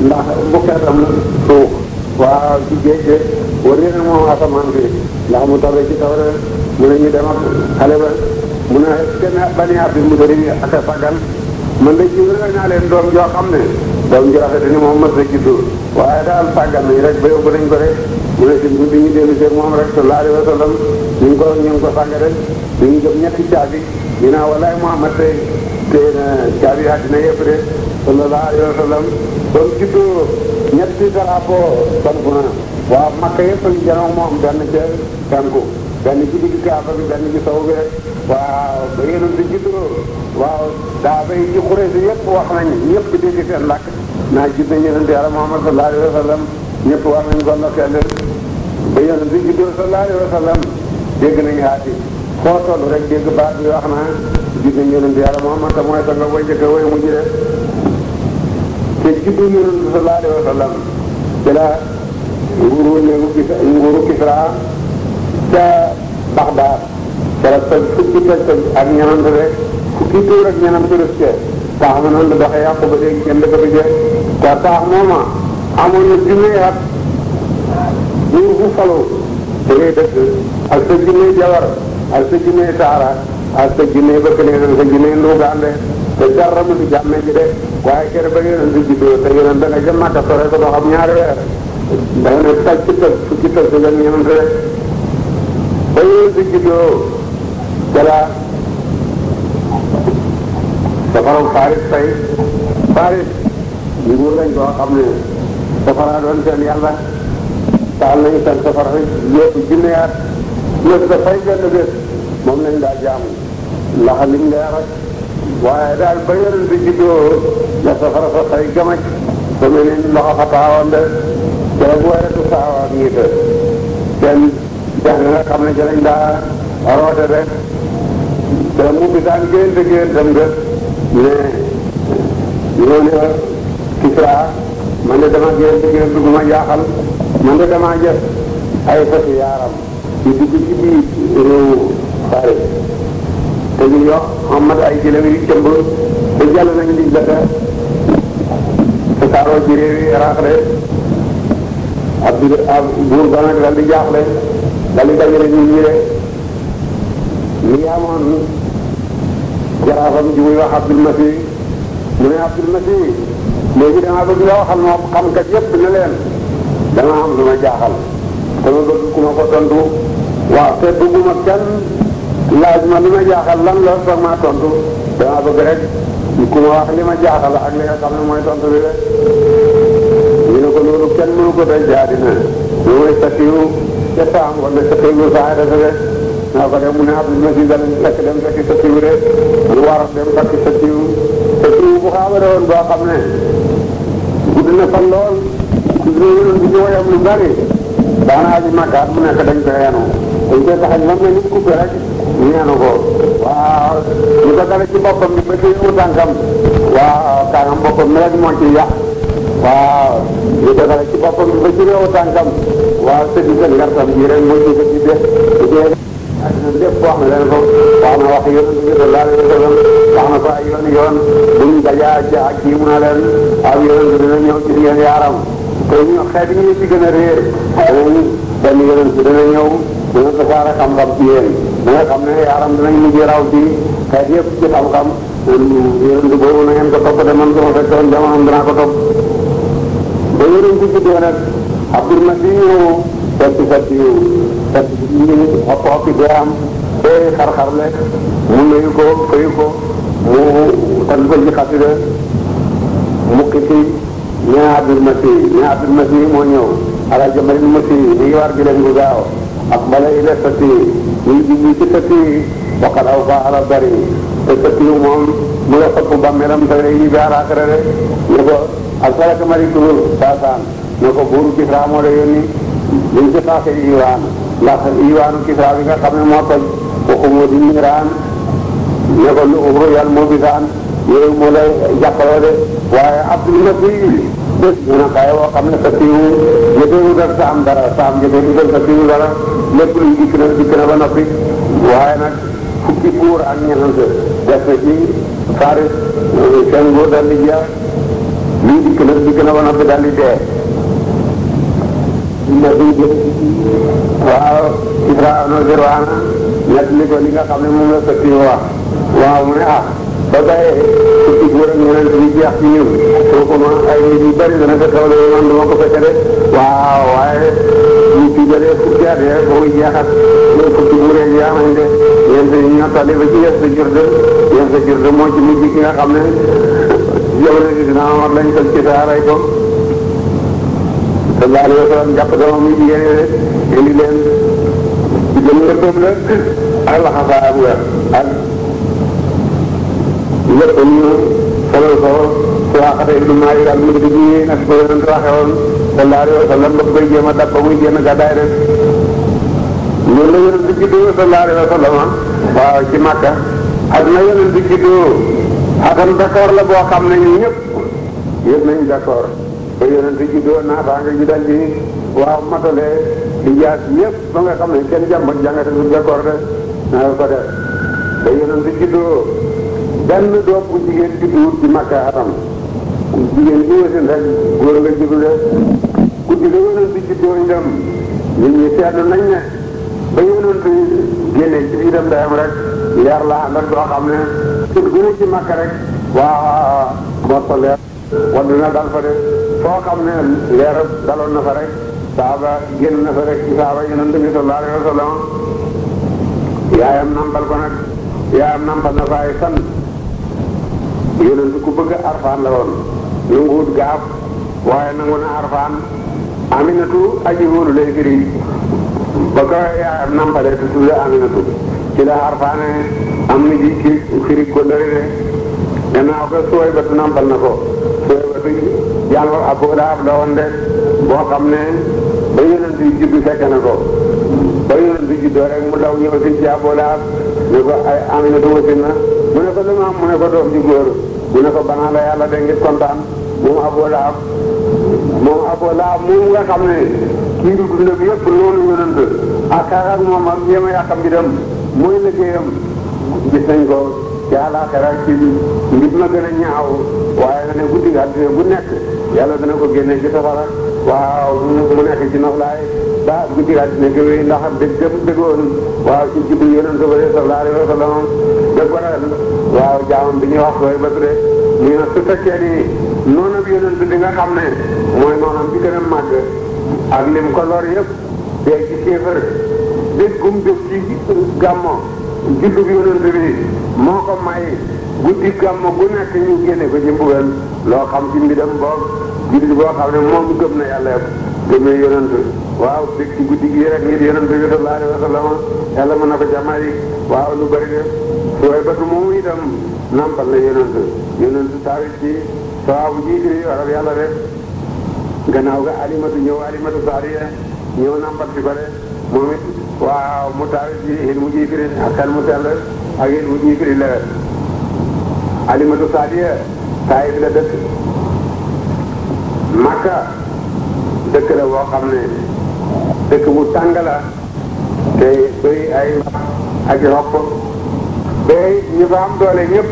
ndax bukkeet am na suuf waaw ci géej wër leen ak moom asamaan bi ndax mu tabee ci taw mu ne ñu dem ak xale mu ne kenn bani abdul mu ak a sagal man de jiw rek naa leen doom joo xam ne doom ju rafet ni moom mos a juddu waaye daal sàggal nañ rek ba yóbbu ko rek mu ne si guddi ñu dellu see moom rek sallallahu alayhi wa sallam ñu ngi ko ñu ngi ko sàgg rek ñu ngi jëm ñetti caabi ñu naan walaay Muhammad tey tey na caabi àddina yëpp de sallallahu alayhi wa sallam doom juddu ñetti drapeau sant na waaw Makka yëpp a ngi jëloon moom benn ca benn ci digg kaaba bi benn ci sow bi rek waaw ba yéen di jiitu waaw daa bay ci xurees yëpp wax nañ ñëpp di dégg naa gis nañ yonent yàlla Muhammad sallallahu alayhi wa sallam ñëpp wax nañ ko ndokkeel ba yonent di jiitu sallallahu alayhi wa sallam dégg nañ xaati foo toll rek dégg baat bi wax naa gis nañ yonent yàlla Muhammad te mooy danga way jëkk way mujj de te juddu yonent sallallahu alayhi wa sallam ci la nguuru ne nguuru Kisra ca Baxdaad wala toj fukki kër toj ak ñanam rek fukki tuur ak ñanam di rëcc taax ma noonu la doxee yàqu ba léegi kenn dafa ko jëf te taax mooma amoon na junni at buur bu faloo da ngay dëkk ak sa junni jawar ak sa junni taara ak sa junni bëkk leen sa junni luugaande te dara mu di jàmme ji de waaye kër ba ngeen di juddoo te yéen da a jëm Makka sore ko ba xam ñaari weer da nga ne taj ci tëj fukki tëj ba yooyu si juddoo jala safaram Faris tey Faris nguur lañ koo xam ne safara doon seen yàlla taal nañu seen safara yëpp junneyaat yëpp da fay benn bés moom lañ daa jaamu ndax liñ leer rek waaye daal ba yooyu si juddoo safara fa fay gamaj ba mel ni loxo fa taawoon de te bu waree du saawaat ñi dex na nga xam ne ca lañ daa roote rek te mu bisaan génte géntam rek mais ñoo ne Kisra man de dama génte géntu bu ma jaaxal man de dama jëf ay fasi yaaram ci dugg ci biir réewu Faris te ñu yokk Muhammad ay jëlem yu cëmb te di dëkk te taaroo ci réew yi raax de ab buur ba di daal di dajale nit ñi rek li nga amoon jaraafam ji muy wax Abdul Masih mu ne Abdul Masih léegi damaa bëgg nga waxal ma xamkat yépp ne leen dama am lu ma jaaxal dama bëgg ku ma ko tontu waaw te bëgguma kenn laaj ma li ma jaaxal lan la soog maa tontu damaa bëgg rek ku ma wax li ma jaaxal ak li nga xam mooy tontu bi rek ñu ne ko loolu kenn mënu ko doy jaadina lu may tasiru ca saam wala ca xëy na saa rek rek naa ko dem mu ne Abdul Masiid danañ fekk dem fekki sa tiw rek mu war dem fekki sa tiw sa tiw bu xaabale woon boo xam ne gudd na fan lool loolu du ñu woyam lu bari daanaka ji màggaat mu nekk dañ koy yanu dañ koy taxañ moom la ñu coupé rek ñu yanu ko waaw ñu ko dale ci boppam bi ba ci wu tànkam waaw tànkam boppam rek moo ci yàq waaw ñu ko dale ci boppam bi ba ci réewu tànkam waaw sëñ bi seen gàttal bii rek mooy ci ci def ci dee lépp wax na leen ko wax na wax yonent bi sallallahu alayhi wa sallam wax na ko ay yoon yoon buñ dajaa ja kii mu na leen aw yonent dina ñëw ci ngeen yaaram te ñu xeet ñi ci gën a réer danañ benn yonent dana ñëw dina tasaare xam-xam ci yéen dina xam ne yaaram dinañ mujj raw ci xeet yëpp ci xam-xam yonent boobu na ngeen ko topp de Abdul Masiihu sotti sotti sotti ñi xopp xoppi deram te xar-xar la mu nuyu ko fayu ko mu talifal ci xasida mu kiti ñu ne Abdul Masiih ñu ne Abdul Masiih moo ñëw ala jabalil Masiih mi ngi war gi leen gu gaaw ak bala ila sotti ñu ngi jublu ci sotti waqad awfaa ala dari te sotti moom mu nga sopp bàmmeelam te day yi gaaraakare rek ne ko asalaamaaleykum saasaan ne ko buuru Kisra moo la yónni li ñu ci passé Iwaan ndax Iwaanu Kisra bi nga xam ne moo toj waxumoo di Miraan ne ko lu uxru yàlla moo bisaan yooyu moo lay jàppaloo de waaye ab li nga koy bés mu ne kaay woo xam ne sa tiwu jëfewu dal sa am dara sa am jëfee dugal sa tiwu dara lépp luy dikk na dikk na ba noppi waaye nag fukki buur ak ñeent def na ci Faris seen nguur dal di jeex luy dikk na dikk na ba noppi dal di dee nabi waaw Ibrahima Birahima ñett li ko li nga xam ne moom la sëkk yi waaw mu ne ah ba tey ci góor ak yonent bi jeex ci ñun kooku ma ay nit yu bëri dana ko xewle man dama ko fekk de waaw waaye ñu ci jëlee fukki at yee ba muy jeexat ñu ko ci góor yi jeex nañ de yéen ñi ñoo tali ba ci sa jur de yéen moo ci mujj ki nga xam ne jamono bi dina war lañ ko ci saaray ko sallallahu alayhi wa sallam jàpp doomam yi jigéen yooyu indi leen jëm nga dóom la ak laxasaay ak weer ak lépp ñu solal ko waaxate ibnu Maalik ak mu dugg yi nag ko yonent waxe woon sallallahu alayhi wa sallam ba koy jéem a dab ba muy génn gàddaay rek loolu la yonent bi juddoo sallallahu alayhi wa sallam waaw ci Makka ak na yonent bi juddoo xatam d'accord la boo xam ne ñun ñëpp yëpp nañu d'accord yonent juddoo naataanga ji dal di waaw matale di jaas yëpp ba nga xam ne kenn jàmbat jàngate suñ bekkoor de na ko def ba yonent juddoo benn doom bu jigéen judduwut ci makka atam jigéen bu wasin rek góor nga juddu de guddi la yonent juddoo itam nit ñi seetlu nañ ne ba yonent génne ci itam dayam rek leer la àndal doo xam ne sut gën a ci makka rek waa mottaleer wadd na dal fa de foo xam ne leeram daloon na fa rek saaba génn na fa rek ci saaba yonent bi sallallahu alayhi wa sallam yaayam nampal ko nag yaayam nampal na fa ay fan yonent ku bëgg arfaan la woon nanguwut gaaf waaye nangu na arfaan aminatu aji wóolu lay firi ba yaayam nampalee te tudd aminatu ci la am na ji ci firi ko lëre de gannaaw ko sooy bët nampal na ko dëgg yàlla Abu Lahab la woon de boo xam ne ba yonent bi juddu fekk na ko ba yonent bi juddoo rek mu daw ñëw si ci Abu Lahab ne ko ay am na wasin na mu ne ko dama am mu ne ko doom ji góor ne ko banaa la yàlla de ngir kontaan moom Abu Lahab moom Abu Lahab moom nga xam ne kii du dundam yëpp loolu yonent ak ak moom ak ñeema yàqam bi dem mooy liggéeyam gis nañ ko ci àllaaxira ci nit ma gën a ñaaw defe ne guddi nga adduna bu nekk yàlla dana ko génne ci safara waaw mu nekk ci noflaay ba guddi nga adduna gëwee ndax dëgg dëgg dëggoon waaw ci jubbu yonent ba sallallahu alayhi wa sallam dëgg waral waaw jaamam bi ñuy wax koy ba tudde ñu ne su fekkee ni noonu bi nga xam ne mooy noonam bi gën a màgg ak lim ko lor yëpp dee ci kéefër dëggum dëgg ci gàmmo juddu bi bi moo ko may guddi gàmm gu nekk ñu génne ko ci mbugal loo xam ci mbiram boobu jullit boo xam ne moom gëm na yàlla gëm na yonent waaw bég ci guddi gi rek ngir yonent bi sallallahu alayhi wa sallam yàlla mën na ko jàmmali waaw lu bëri de sooy bët moom itam nampal na yonent yonent taawit ci sawaabu jiitu yi waral yàlla rek gannaaw ga alimatu ñëw alimatu saariya ñëw nampal ci ko moom it waaw mu taawit ci it mu jiitu ak kan mu sell ak it mu alimatu saadiya taayif la dëkk makka dëkk la boo xam ne dëkk bu tàng la te bëri ay ak xopp ba ñu fa am doole ñëpp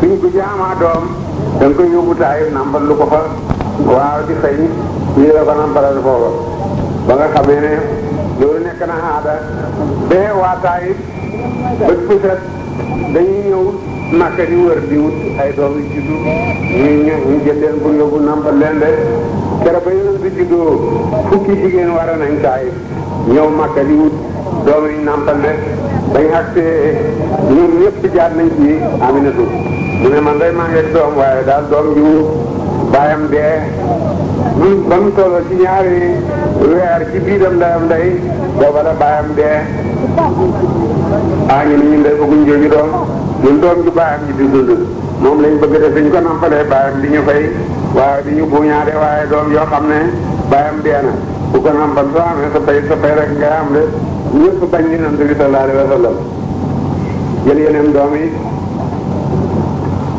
suñ ko jaamaa doom koy yóbbu taayif nàmbal lu ba nga xamee ne loolu nekk na aada ba waa taayif bët bu set dañuy ñëw màkka di wër di wut ay doom yu juddu ñuy ñëw ñu jël leen nampal leen kere ba yonent bi fukki jigéen war a nañ taay ñëw màkka di wut doom yi nampal ne bañ agsee ñun ñëpp jaar nañ ci Aminatu mu ne man day maa doom waaye daal doom ju baayam dee mu ba mu tolloo ci ñaari weer ci biiram ndeyam day booba la baayam dee ah ñu ne ñun day bëgguñ doom ñun doom ju baax ji di dund moom lañ bëgg def suñ ko nampalee baayam di ñu fay waaye di ñu buñaade waaye doom yoo xam ne baayam dee na bu ko nampal soo amee sa bay sa bay rek nga am de ñëpp bañ ni nant bi sallallahu alayhi wa sallam jël yeneen doom yi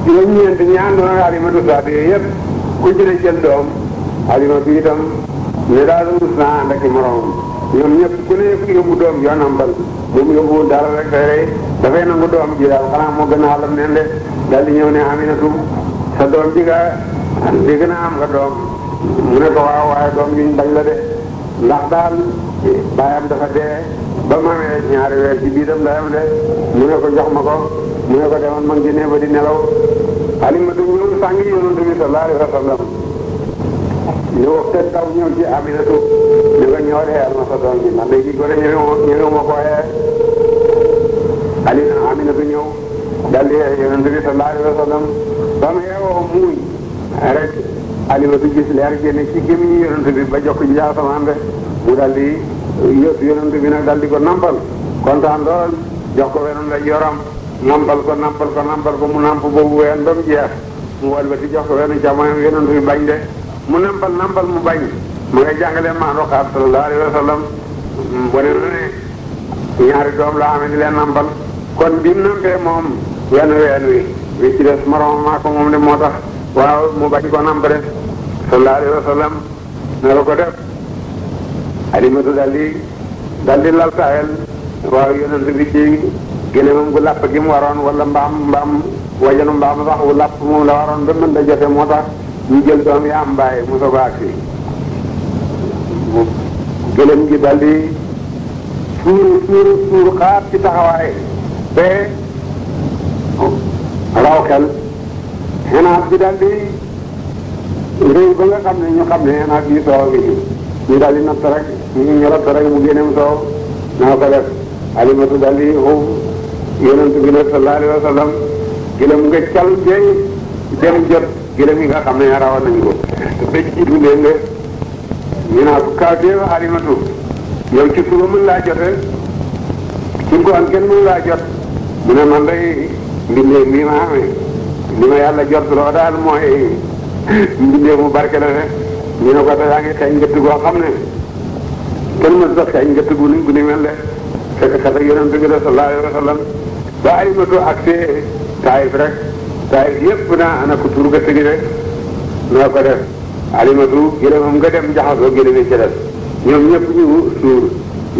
juróom ñeent ñaan doon alimatu saa yooyu yëpp ku ci jël doom alimatu itam ñu daal di mus naa ànd ak i moromam ñoom ñëpp ku ne yóbbu doom doom a xalam daal di ñëw ne Aminatu sa doom ji nga dégg na la de ndax daal baayam dafa dee ba mu amee ñaari weer ci biiram la de mu ne ko jox ma ko mu ne ko demoon ma ngi ci ba di nelaw Alimatu ñëw sàngi yonent bi sallallahu alayhi wa sallam ñu woo te taw ñëw ci Aminatu ñu ko ñoo xeer ma sa doom bi man de kii gore ñëwee ma ñëwee ma koo xeer Alioune Aminatu ñëw dal di xeer yonent bi sallallahu alayhi wa sallam ba mu yeewoo muuñ rek Aminatu gis leer génne ci gémmiñu yonent bi ba jokk ji asamaan rek mu dal di yóot yonent bi nag dal di ko nampal kontaan lool jox ko weneen la yoram nampal ko nampal ko nampal ko mu namp boobu ween ba mu jeex mu walbati ko weneen jamono yonent bi bañ mu nambal nambal mu bañ mu ngay jàngalee maam Roqaab sallallahu alayhi wa sallam wane ñaari doom laa amee di leen nambal kon bi nampee moom wenn ween wi wi ci des moroom moom de moo tax waaw mu bañ ko nampare sallallahu alayhi wa sallam di dal di laltaayal waaw yonent bi ci géléemam gu làpp gi mu waroon wala mbaam mbaam wajanu mbaam sax wu làpp moom la waroon ba mën da jafe moo tax ñu jël doom yi am bàyyi mu soog a agsi gëlëm gi dal di suuru suuru suuru xaar ci taxawaay te raw xel xenaat bi dal di réy ba nga xam ne ñu xam ne xenaat bi soow ngi ci ñu dal di natt rek ñu ñorot rek mu génneem soow naa ko def alimatu dal di xów yonent bi la sallallahu alayhi wa sallam gëlëm nga cal jeey dem jot gërëm yi nga xam ne rawoon nañu ko su fekk jiitu leen de ñu naan bu kaw tee xalimatu yow ci suba mën laa jotee ci ngoon kenn mën laa jot mu ne man day mbindee mii ma xamee li ma yàlla jot loo daal mooy mbindee mu barke la rek ñu ne ko da yaa ngi xeeñ njëtt xam ne kenn mën sa xeeñ njëtt gu ni gu ni mel de fekk xet ak yonent bi sallallahu alayhi wa sallam ak see taayif rek saa yëpp naa ana ko tur gëstu gi rek noo ko def alimatu gëlëmam nga dem jaxasoo gëlëmi ci def ñoom ñëpp ñu suur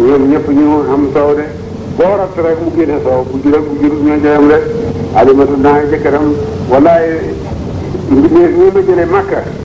ñoom ñëpp ñu am soow de boo ratt rek mu génne soow bu jur ak ñoo jëlam de alimatu naa jëkkëram wallaay mbindeef ñi ma jële